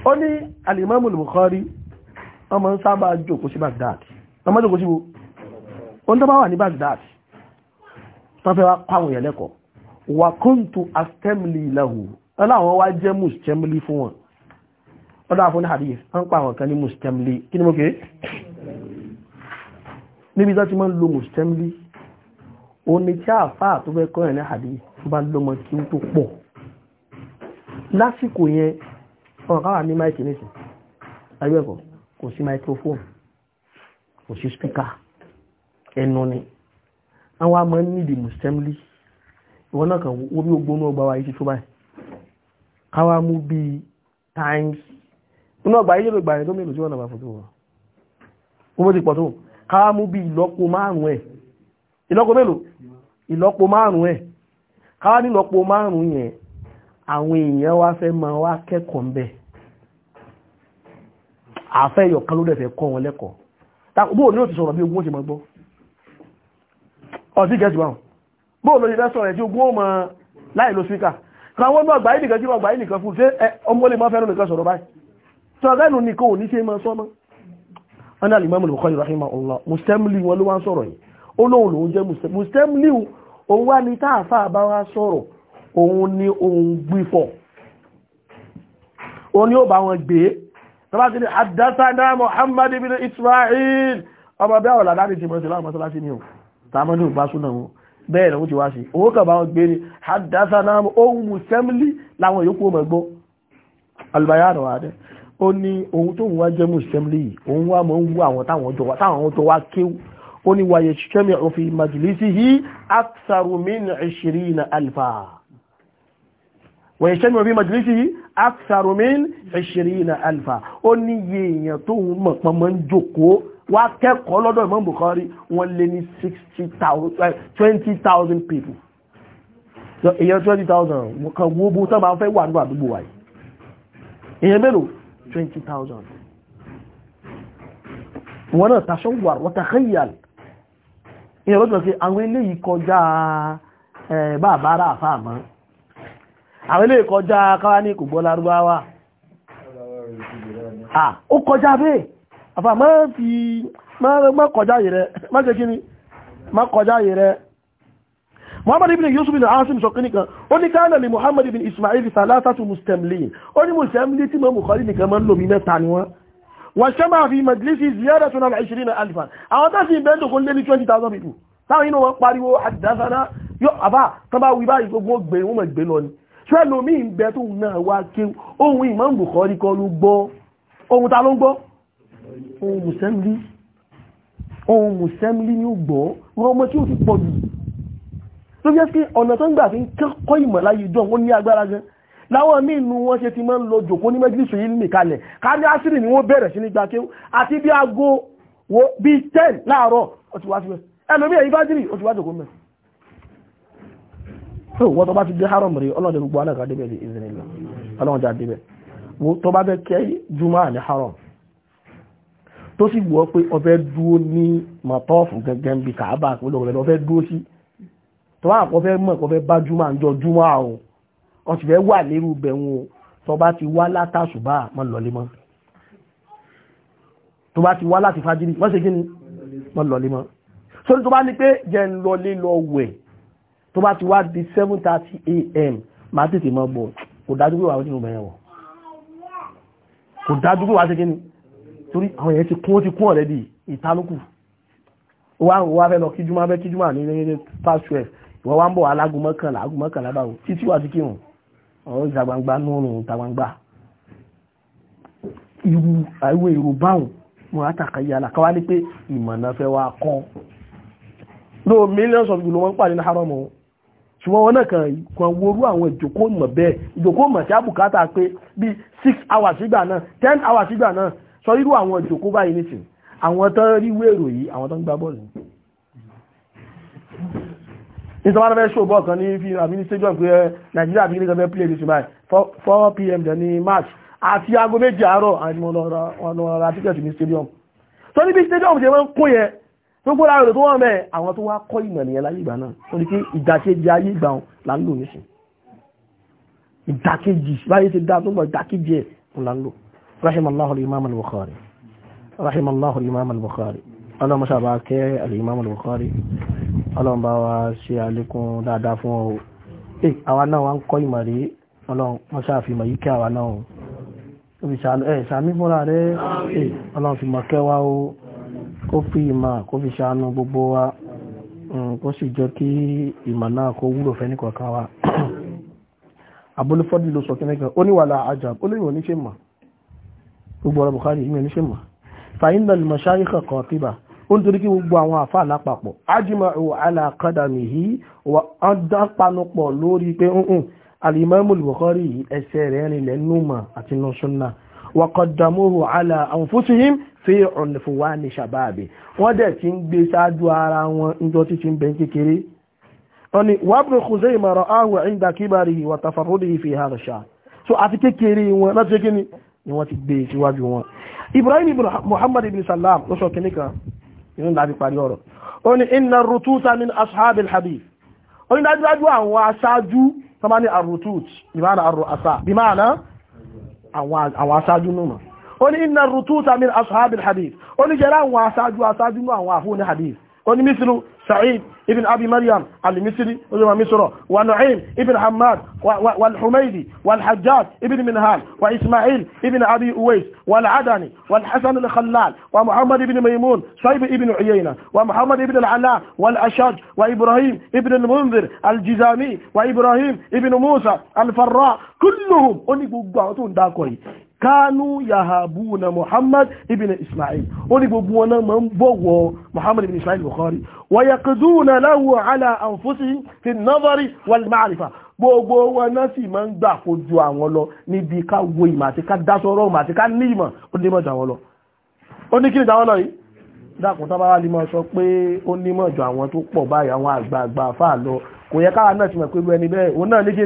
ó ní al bukhari ọmọ sábà jókòó sí baghdad tọ́fẹ́ wá pàwọn èèyàn lẹ́kọ̀ọ́ wà kóńtù astemli lahu ọláwọn wá jẹ́ mustemli fún wọn ọdọ́ àfún hadith wọ́n pa àwọn kan ní mustemli kí ni mo kéré níbi tó ti máa ń lo mustemli o ní tí àfáà tó fẹ́ kọ́yàn ní hadith tó bá lọ́mọ kí tó pọ̀ lásìkò yẹn wọn káwà ní máìkì nìsín ayọ́ ẹ̀kọ́ kò sí microphone kò sí speaker ẹnu ni àwọn àmọ́ nídìí mùsẹ́mìlì ìwọ náà kàn wó bí ogbó náà gbá wa báyìí káwa mú bí times inú ọgbà yìí ló gbà rẹ̀ tó mélòó tí wọ́n nàbà fòtò wọn ó ti pọ̀ tó káwa mú bí ìlọ́po márùn-ún ẹ̀ ìlọ́po mélòó ìlọ́po márùn-ún ẹ̀ káwa ní ìlọ́po márùn-ún yẹn àwọn èèyàn wá fẹ́ máa wá kẹ́kọ̀ọ́ ń àfẹ́yọ̀ kan ló dẹ̀ fẹ́ kọ́ wọn lẹ́kọ̀ọ́ ọ̀sí gẹ̀ẹ́sì báwọn bóò lórí fẹ́ sọ̀rọ̀ ẹ̀ tí ó gún ọmọ láì lo spíkà kan wọ́n náà gbáyé nìkan tí wọ́n gbáyé nìkan fún ṣé ọmọ lè mọ́ fẹ́ràn nìkan sọ̀rọ̀ báyìí sọ̀rọ̀gẹ́nu nìkan ò ní ṣe máa sọ́mọ́ ọ́nà Imam Bukhari rahimahullah mustamli wọn ló wá ń sọ̀rọ̀ yìí olóhùn lòun jẹ́ mustamli òun wá ní táàfà bá wá sọ̀rọ̀ òun ni òun gbífọ̀ òun ni ó bá wọn gbé tọ́bátìní adásádá Muhammad ibn Ismail ọmọ bẹ́ẹ̀ ọ̀làdá ni ti mọ̀ sí láwọn mọ́sálásí ni òun tààmọ́ ní ìgbà súnà wọn bẹ́ẹ̀ lọ́wọ́ ti wá sí owó kàbá wọn gbé ní haddathana ohun mùsẹ́mìlì láwọn yòókù ọmọ ẹgbọ́ albayano adé ó ní ohun tó ń wá jẹ́ mùsẹ́mìlì yìí òun wá mọ́ ń wú àwọn táwọn tó min 20 alfa wáyé ṣẹ́mì òfi majlisihi min 20 alfa ó ní yèèyàn wá kẹ́kọ̀ọ́ lọ́dọ̀ Imam Bukhari wọ́n lé ní 20,000 people èyàn 20,000 kan gbogbo tán bá fẹ́ wà ní àdúgbò wáyé èyàn mélòó 20,000 wọ́n náà tashawwar wa takhayyal èyàn lọ́dọ̀ sí àwọn eléyìí kọjá bàbá ara àfáà mọ́ àwọn eléyìí kọjá káwá ní kò gbọ́ lárúbáwá ó kọjá bẹ́ẹ̀ àfà má fi má kọjá yìí rẹ̀ má ṣe kí ni má kọjá yìí rẹ̀ muhammad ibn yusuf ibn asim sọ kíní kan ó ní káàlẹ̀ ni muhammad ibn ismail salasatu mustamlin ó ní mustamlin tí mo mú kọrí nìkan máa ń lò mí mẹ́ta ni wọ́n wọ́n ṣe máa fi majlisi ziyara tún náà ìṣirí náà alifan àwọn tó sì bẹ́ẹ̀ lé ní twenty thousand people táwọn inú wọn pariwo àdásánà yóò àbá tán bá wí báyìí gbogbo gbé wọn mọ̀ gbé lọ ni ṣé ẹlòmíì ń bẹ tóun náà wá kéwù ohun ìmọ̀ ń bùkọ́rí kọ́ ló gbọ́ ohun mùsẹ́mìlì ohun mùsẹ́mìlì ni ó gbọ́ wọ́n ọmọ tí ó ti pọ̀ jù ló jẹ́ sí ọ̀nà tó ń gbà fi ń kọ́ ìmọ̀ láyé jọ wọ́n ní agbára gan láwọn míì nu wọ́n ṣe ti máa ń lọ jòkó ní mẹ́jìlísù yìí nìkalẹ̀ ká ní àṣírí ni wọ́n bẹ̀rẹ̀ sí ní gba kéwú àti bí aago wo bí ten láàárọ̀ ó ti wá síbẹ̀ ẹlòmíì ẹ̀yìn fájírì ó ti wá jòkó mẹ́. tó wọ́n tó bá ti dé haram rí ọlọ́dẹ gbogbo alága débẹ̀ di ìzìnlẹ̀ ọlọ́run já débẹ̀ wọ́n tó bá bẹ́ kẹ́ jùmọ̀ ní haram tó sì wọ́ pé ọfẹ́ dúró ní mọ̀tọ́ọ̀fù gẹ́gẹ́ bí kàábà olóòrẹ́ ọfẹ́ dúró sí tó wà kọ́ fẹ́ mọ̀ kọ́ fẹ́ bá júmọ̀ àjọ júmọ̀ àwọn kan sì fẹ́ wà lérú bẹ̀rún o tó bá ti wá látàṣùbà mọ́ lọlé mọ́ tó bá ti wá láti fájírí wọ́n ṣe kí ni mọ́ lọlé mọ́ sórí tó bá ní pé jẹ́ ń lọlé lọ wẹ̀ tó bá ti wá di 7:30am máa tètè mọ́ bọ̀ kò dájú pé wà á ti nù bẹ̀rẹ̀ wọ̀ kò dájú pé wà á torí àwọn èèyàn ti kún ó ti kún ọ̀rẹ́ bí ìtálókù wá wá fẹ́ lọ kí abẹ́ kí ní ní past twelve wá ń bọ̀ alágùn mọ́kànlá báwo títí wà sí kírun ọ̀rọ̀ ìta gbangba nùrùn irú àìwé ìrò báwọn mo àtàkà yàrá káwá ní pé ìmọ̀nà fẹ́ wá kọ́ lo millions of people wọ́n pàdé ní haram ṣùgbọ́n wọn náà kàn kàn worú àwọn ìjókòó mọ̀ bẹ́ẹ̀ ìjókòó mọ̀ sí àbùkátà pé bíi six hours ìgbà náà ten hours ìgbà náà sọ irú àwọn ìjòkó báyìí nìsìn àwọn tó rí wèrò yìí àwọn tó ń gbá bọ́ọ̀lù nítorí wọn fẹ́ ṣó bọ́ọ̀ kan ní fi àmínísẹ́jọ́ pé eh, nàìjíríà bí nígbà fẹ́ play this ṣùgbọ́n 4 pm dẹ̀ ní march àti aago méjì àárọ̀ àti ọ̀nà tíkẹ̀tì ní stadium tó níbi stadium ṣe wọ́n kún yẹ gbogbo ara rẹ̀ tó wọ́n mẹ́ àwọn tó wá kọ́ ìmọ̀ nìyẹn láyé ìgbà náà tó ní kí ìdàkejì ayé ìgbà là ń lò nísìn ìdàkejì báyé ti dá tó ń gbọ́ ìdàkejì ẹ̀ là رحم الله الإمام البخاري رحم الله الإمام البخاري اللهم شابك الإمام البخاري ọlọ́run bá wa ṣe àlékún dáadáa fún ọ pé àwa náà wá ń kọ́ ìmọ̀ rí ọlọ́run wọ́n ṣàfihàn yìí kí àwa náà òbí ṣàmì fúnra rẹ̀ ọlọ́run fi mọ̀ kẹwàá o kó fi ìmọ̀ kó fi ṣàánú gbogbo wa hmm, kó sì jẹ́ kí ìmọ̀ náà kó wúlò fẹ́ni kọ̀ọ̀kan wa abúlé fọ́dí ló sọ kí nìkan ó ní wàhálà àjà ó lóyún oníṣẹ́ mọ̀ gbogbo ọ̀rọ̀ Bukhari ìmọ̀ ní ṣe mọ̀ fàyíndà lè mọ̀ṣá ikọ̀ kan tíbà ó ń torí kí gbogbo àwọn àfà lápapọ̀ ájìmọ̀ alákọ̀dàmì yìí wọ́n dápanupọ̀ lórí pé nǹkan alìmọ́mù Bukhari ẹsẹ̀ rẹ̀ rìnlẹ̀ númọ̀ àti nùsùnà wọ́kọ̀dàmúhù alá àwòfúsùhìm fi ọ̀nàfọwà ní sàbáàbì wọ́n dẹ̀ ti ń gbé sáájú ara wọn níjọ́ títí ń bẹ kékeré wọ́n ni wàbùrù Khuzaymah ra'ahu 'inda kibarihi wa tafarrudihi fi hadha ash so àti kékeré wọn láti ṣe kí ni ni wọ́n ti gbé síwájú wọn ibrahim ibn muhammad ibn salam ló sọ kìnnì kan inú láti parí ọ̀rọ̀ ó ní inna rututa min ashab al-habib ó ní dájúdájú àwọn aṣáájú tó bá ní arutut bimana aruasa bimana àwọn aṣáájú nùmọ̀ ó ní inna rututa min ashab al-habib ó ní jẹ́rá àwọn aṣáájú aṣáájú nù hadith ó ní سعيد ابن أبي مريم المصري مصر ونعيم ابن حماد والحميدي والحجاج ابن منهال وإسماعيل ابن أبي أويس والعدني والحسن الخلال ومحمد ابن ميمون صيب ابن عيينة ومحمد ابن العلاء والأشج وإبراهيم ابن المنذر الجزامي وإبراهيم ابن موسى الفراء كلهم أني بقعتون داكوي kánú yahabu na muhammad ibn ismail ó ní gbogbo wọn máa ń bọ̀wọ̀ muhammad ibn ismail bukhari wa yaqduna lahu ala anfusihim fi an-nazari wal ma'rifa gbogbo wọn náà sì máa ń gbà kó ju àwọn lọ níbi ká wo ìmọ̀ àti ká dá sọ́rọ̀ ìmọ̀ àti ká ní ìmọ̀ ó ní mọ̀ jù àwọn lọ ó ní kí dáwọn lọ yìí dákùn tó bá wá lè sọ pé ó ní mọ̀ jù àwọn tó pọ̀ báyìí àwọn àgbààgbà fáà lọ kò yẹ káwa náà ti mọ̀ pé ẹni bẹ́ẹ̀ òun náà ní kí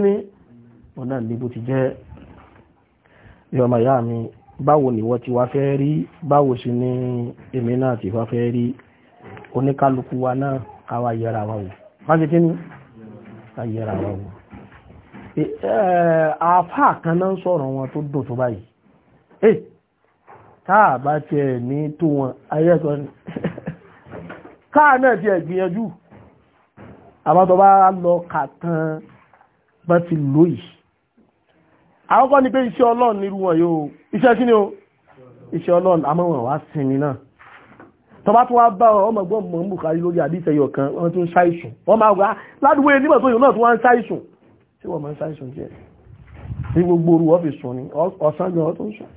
òun náà ní bó ti jẹ́ yọmọ ìyá mi báwo ni wọ́n ti wá fẹ́ rí báwo sì ni èmi náà ti wá fẹ́ rí oníkálukú wa náà káwa yẹra wa wò má ṣe kí ni ká yẹra wa wò àfá kan náà sọ̀rọ̀ wọn tó dùn tó báyìí eh káà bá tiẹ̀ ní tó wọn ayẹ́kọ́ ni káà náà tiẹ̀ gbìyànjú àbátọ́ bá lọ kàtàn bá ti lóyìí àwọn kọ́ ni pé iṣẹ́ ọlọ́run nírú wọn yóò iṣẹ́ kí ni o iṣẹ́ ọlọ́run àmọ́ wọn wá sinmi náà tó bá tún wá bá ọmọ ẹgbọ́n mọ̀ ń bùkárí lórí àdíṣẹ́ yọ kan wọ́n tún ṣàìsùn wọ́n máa wá ládùúgbò nígbà tó yọ náà tún wá ń ṣàìsùn tí wọ́n máa ń ṣàìsùn jẹ́ ní gbogbo orú wọ́n fi sùn ni ọ̀sán gan ah, tó ń sùn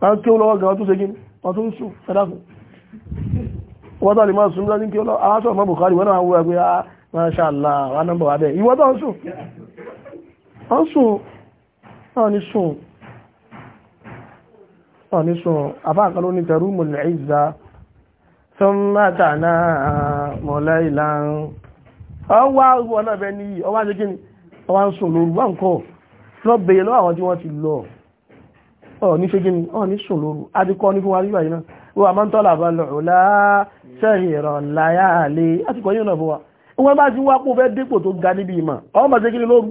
wọ́n kí ó lọ́wọ́ gan tó ṣe gíní wọ́n tó ń sùn ẹ̀dàkùn wọ́n tó lè máa sùn lọ́dún kí ó lọ́wọ́ àwọn sọ̀rọ̀ bùkárí wọ́n náà wọ́n ẹgbẹ́ sùn ọ̀ní ni ọ̀ní sùn àbáàkan ló ní tẹrú mọ̀lẹ̀ ìzà tó ń mátà náà mọ̀lẹ̀ ìlànà ọwá ọgbọ̀n náà bẹ́ ní ọwá jẹ́ kíni ọwá ń sùn lóru wá nǹkan lọ bèèrè lọ́wọ́ àwọn tí wọ́n ti lọ ọ̀ní ṣe kíni ọ̀ní sùn lóru a ti kọ́ ní fún wa rí báyìí náà wọ́n máa ń tọ́lá bá lọ ọ̀lá sẹ́hìnrọ̀ lóru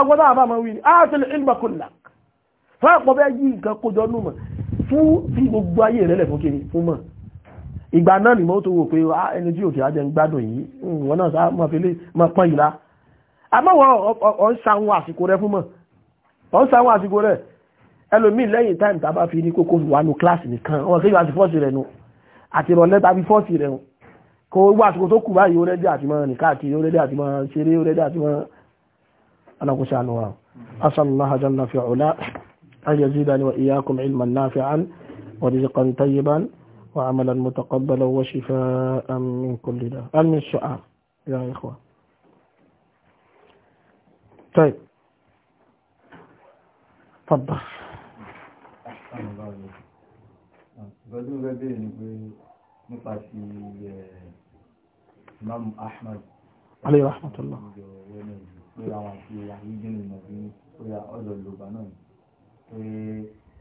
ọgbọ́dá àbá ma wí ní áàtìlì ìgbàkùnlá fáàpọ̀ bẹ́ yí nǹkan kójọ nù mọ̀ fún fi gbogbo ayé rẹ̀ lẹ̀ fún kiri fún mọ̀ ìgbà náà ni mo tó wò pé ẹni tí òkè ajẹ́ ń gbádùn yìí hmm, wọn náà sáà mọ̀ fílé mọ̀ pọ́n ìlà àmọ́wọ́ ọ̀ ń sanwó àsìkò rẹ̀ fún mọ̀ ọ̀ ń sanwó àsìkò rẹ̀ ẹlòmíì lẹ́yìn táìmù tá a bá fi ní kókó أنا قسان واو أسأل الله جل في علاء أن يزيدني وإياكم علما نافعا ورزقا طيبا وعملا متقبلا وشفاء من كل داء من السؤال يا إخوة طيب تفضل بدو rẹ́bẹ̀ ni pé nípa ti imam ahmad lórí àwọn àti àyíjìnì nàbí lórí ọ̀dọ̀ yorùbá náà ni pé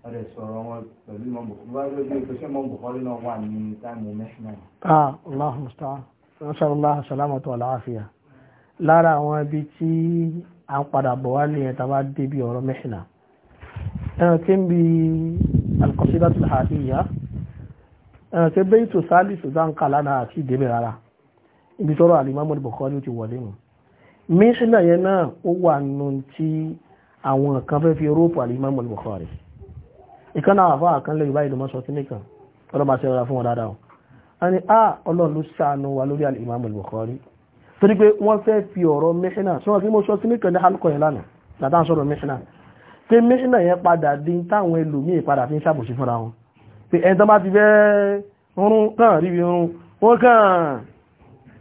ọ̀rẹ́ sọ̀rọ̀ wọn pẹ̀lú mọ́mọ́ bá yóò gbé ìpèsè mọ́mọ́ kọ́lé náà wà ní táìmù mẹ́sàn-án. ah allah musta'an nasallah salamatu wa laafiya lára àwọn ibi tí à ń padà bọ̀ wá ní ẹ̀ta bá débi ọ̀rọ̀ mẹ́sàn ẹ̀rọ tí ń bi alqasidatu alhadiya ẹ̀rọ tí bẹ́ẹ̀ tó sáàlì sùdán kà lánàá àti ìdébẹ̀ rárá ibi tọ́rọ̀ alimami Bukhari ti wọlé mu mísínà yẹn náà ó wà nù tí àwọn kan fẹ́ fi róòpù al-Imam al-Bukhari ìkan náà àfáà kan lè báyìí nìkan ọlọ́mà ọ̀rọ̀ fún wọn a ní à ọlọ́run ló ṣàánú wa lórí al-Imam al-Bukhari torí pé wọ́n fẹ́ fi ọ̀rọ̀ mísínà sọ́wọ́n kí mo sọ kí nìkan ní alukọ̀ yẹn lánàá látà sọ̀rọ̀ mísínà pé mísínà yẹn padà kàn rí wọn kàn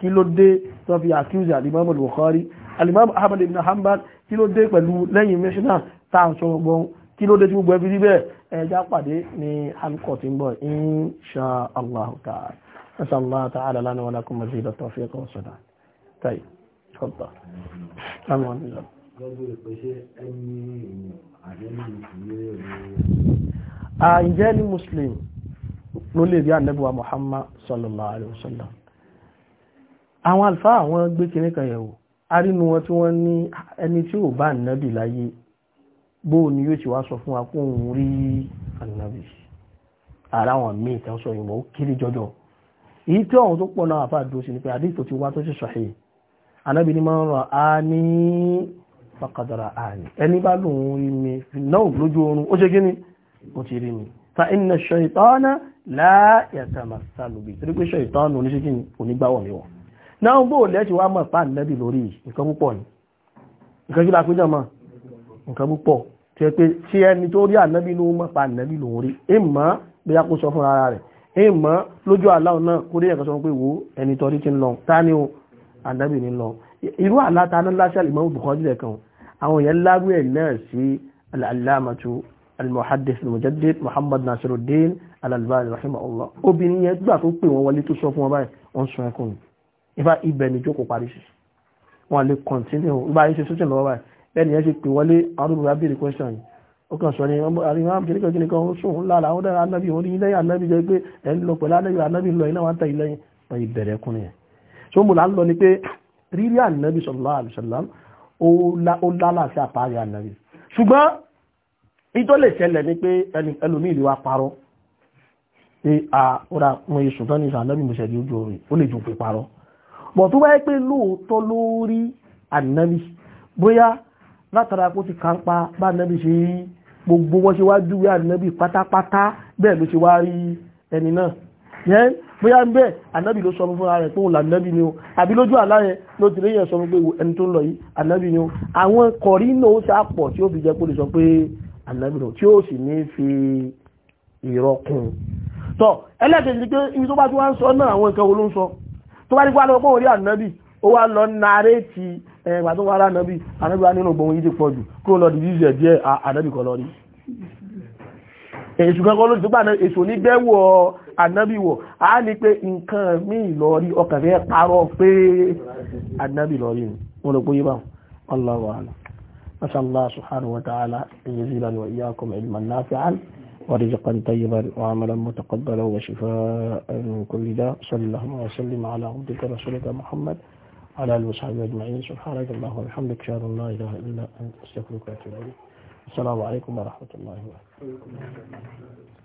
kí ló dé tó fi accuse alimami Bukhari alimami Ahmad ibn Hanbal kí ló dé pẹ̀lú lẹ́yìn mẹ́ṣínà tá à ń sọ gbọ́n kí ló dé tí gbogbo ẹbí rí bẹ́ẹ̀ ẹja pàdé ní halkọ̀ tí ń bọ̀ insha Allah ta'ala nasa Allah ta'ala lana wa lakum mazid at-tawfiq wa sada tayi fọta amin ni muslim ló lè rí ànábì wa Muhammad sallallahu alayhi àwọn alfa àwọn gbé kìíní kan yẹ̀wò arínú wọn tí wọ́n ní ẹni tí ò bá ànábì láyé bó ni yóò ti wá sọ fún wa kó òun rí ànábì ara wọn míì tán sọ ìmọ̀ ó kéré jọjọ èyí tí ọ̀hún tó pọ̀ náà àfáà dúró sí ni pé àdéhùn ti wá tó sì sọ̀hìn ànábì ni máa ń ràn á ní fàkàdàrà àní ẹni bá lòun rí mi náà lójú oorun ó ṣe kí ni ó ti rí mi fa inna ṣaitana la yatamassalu bi torí pé ṣaitana oníṣẹ́ kí onígbàwọ̀ mi wọ̀ náà bó lẹ́ṣì wá mọ̀ pàà nẹ́bì lórí nǹkan púpọ̀ ni nǹkan kí lápéjọ mọ̀ nǹkan púpọ̀ tí ẹ pé tí ẹni tó rí ànẹ́bì ló mọ̀ pàà nẹ́bì lòun rí èmọ́ bí a kó sọ fún ara rẹ̀ èmọ́ lójú aláwọ̀ náà kó rí ẹ̀kan sọ pé wo ẹni tọ́rí ti ń lọ ta ni o ànẹ́bì ni lọ irú àláta ní láṣẹ́lì mọ́ bùkọ́ jílẹ̀ kan àwọn èèyàn lágbé ẹ̀ náà sí obìnrin yẹn tó pè wọ́n wọlé tó sọ fún wọn báyìí wọ́n sọ ẹkùn ìfà ibẹ̀ ni jókòó parí sí wọn lè kọ̀ntínú ìbá yìí ṣe sóṣẹ̀ lọ́wọ́ báyìí bẹ́ẹ̀ni ẹ ṣe pè wọlé àwọn olùgbà béèrè question yìí ó kàn sọ ní àríwá kìnìkà kìnìkà ó pé ẹ̀ wa ni pé rírí anábì sallallahu alaihi wasallam ó lálàáfíà parí anábì ṣùgbọ́n ìtọ́ ni pé ẹlòmíì lè wa parọ́ pé à ó ra mo ìsùn tán ní ìsàn anábì mo ó lè jù pé parọ́ bọ̀ tó báyé pé lóòótọ́ lórí ànábì bóyá látara kó ti kàńpa bá ànábì ṣe gbogbo wọ́n ṣe wá júwé ànábì pátápátá bẹ́ẹ̀ ló ṣe wá rí ẹni náà yẹn bóyá ń bẹ́ẹ̀ ànábì ló sọ fún ara rẹ̀ pé òun lànábì ni o àbí lójú àlá yẹn ló ti léyìn sọ pé ẹni tó lọ yìí ànábì ni o àwọn kọ̀rí náà ó ṣàpọ̀ tí ó fi jẹ́ pé ó lè sọ pé ànábì ni o tí ó sì ní fi ìrọ̀kùn. tọ́ ẹlẹ́kẹ̀ẹ́ ni pé ibi tó bá ti wá ń sọ náà àwọn nǹkan ló ń sọ tó bá ní pé alọ́pọ̀ orí ànábì ó wá lọ nàárẹ́tì eh, ẹ̀gbà tó wá rá ànábì ànábì wá nínú gbọ̀n yìí ti pọ̀ jù kó lọ dìdí ìṣẹ̀ díẹ̀ ànábì kọ́ lọ rí èṣù kankan lórí tó gbà èṣù onígbẹ́wọ̀ ànábì wọ̀ á ní pé nǹkan míì lọ rí fẹ́ parọ́ pé ànábì lọ rí wọn lọ pé báwọn Allahu a'lam. Masha subhanahu wa ta'ala, in yazilani wa iyyakum ilman ورزقا طيبا وعملا متقبلا وشفاء من كل داء صلى الله وسلم على عبدك رسولك محمد على اله وصحبه اجمعين سبحانك اللهم وبحمدك اشهد ان لا اله الا انت استغفرك واتوب اليك السلام عليكم ورحمه الله وبركاته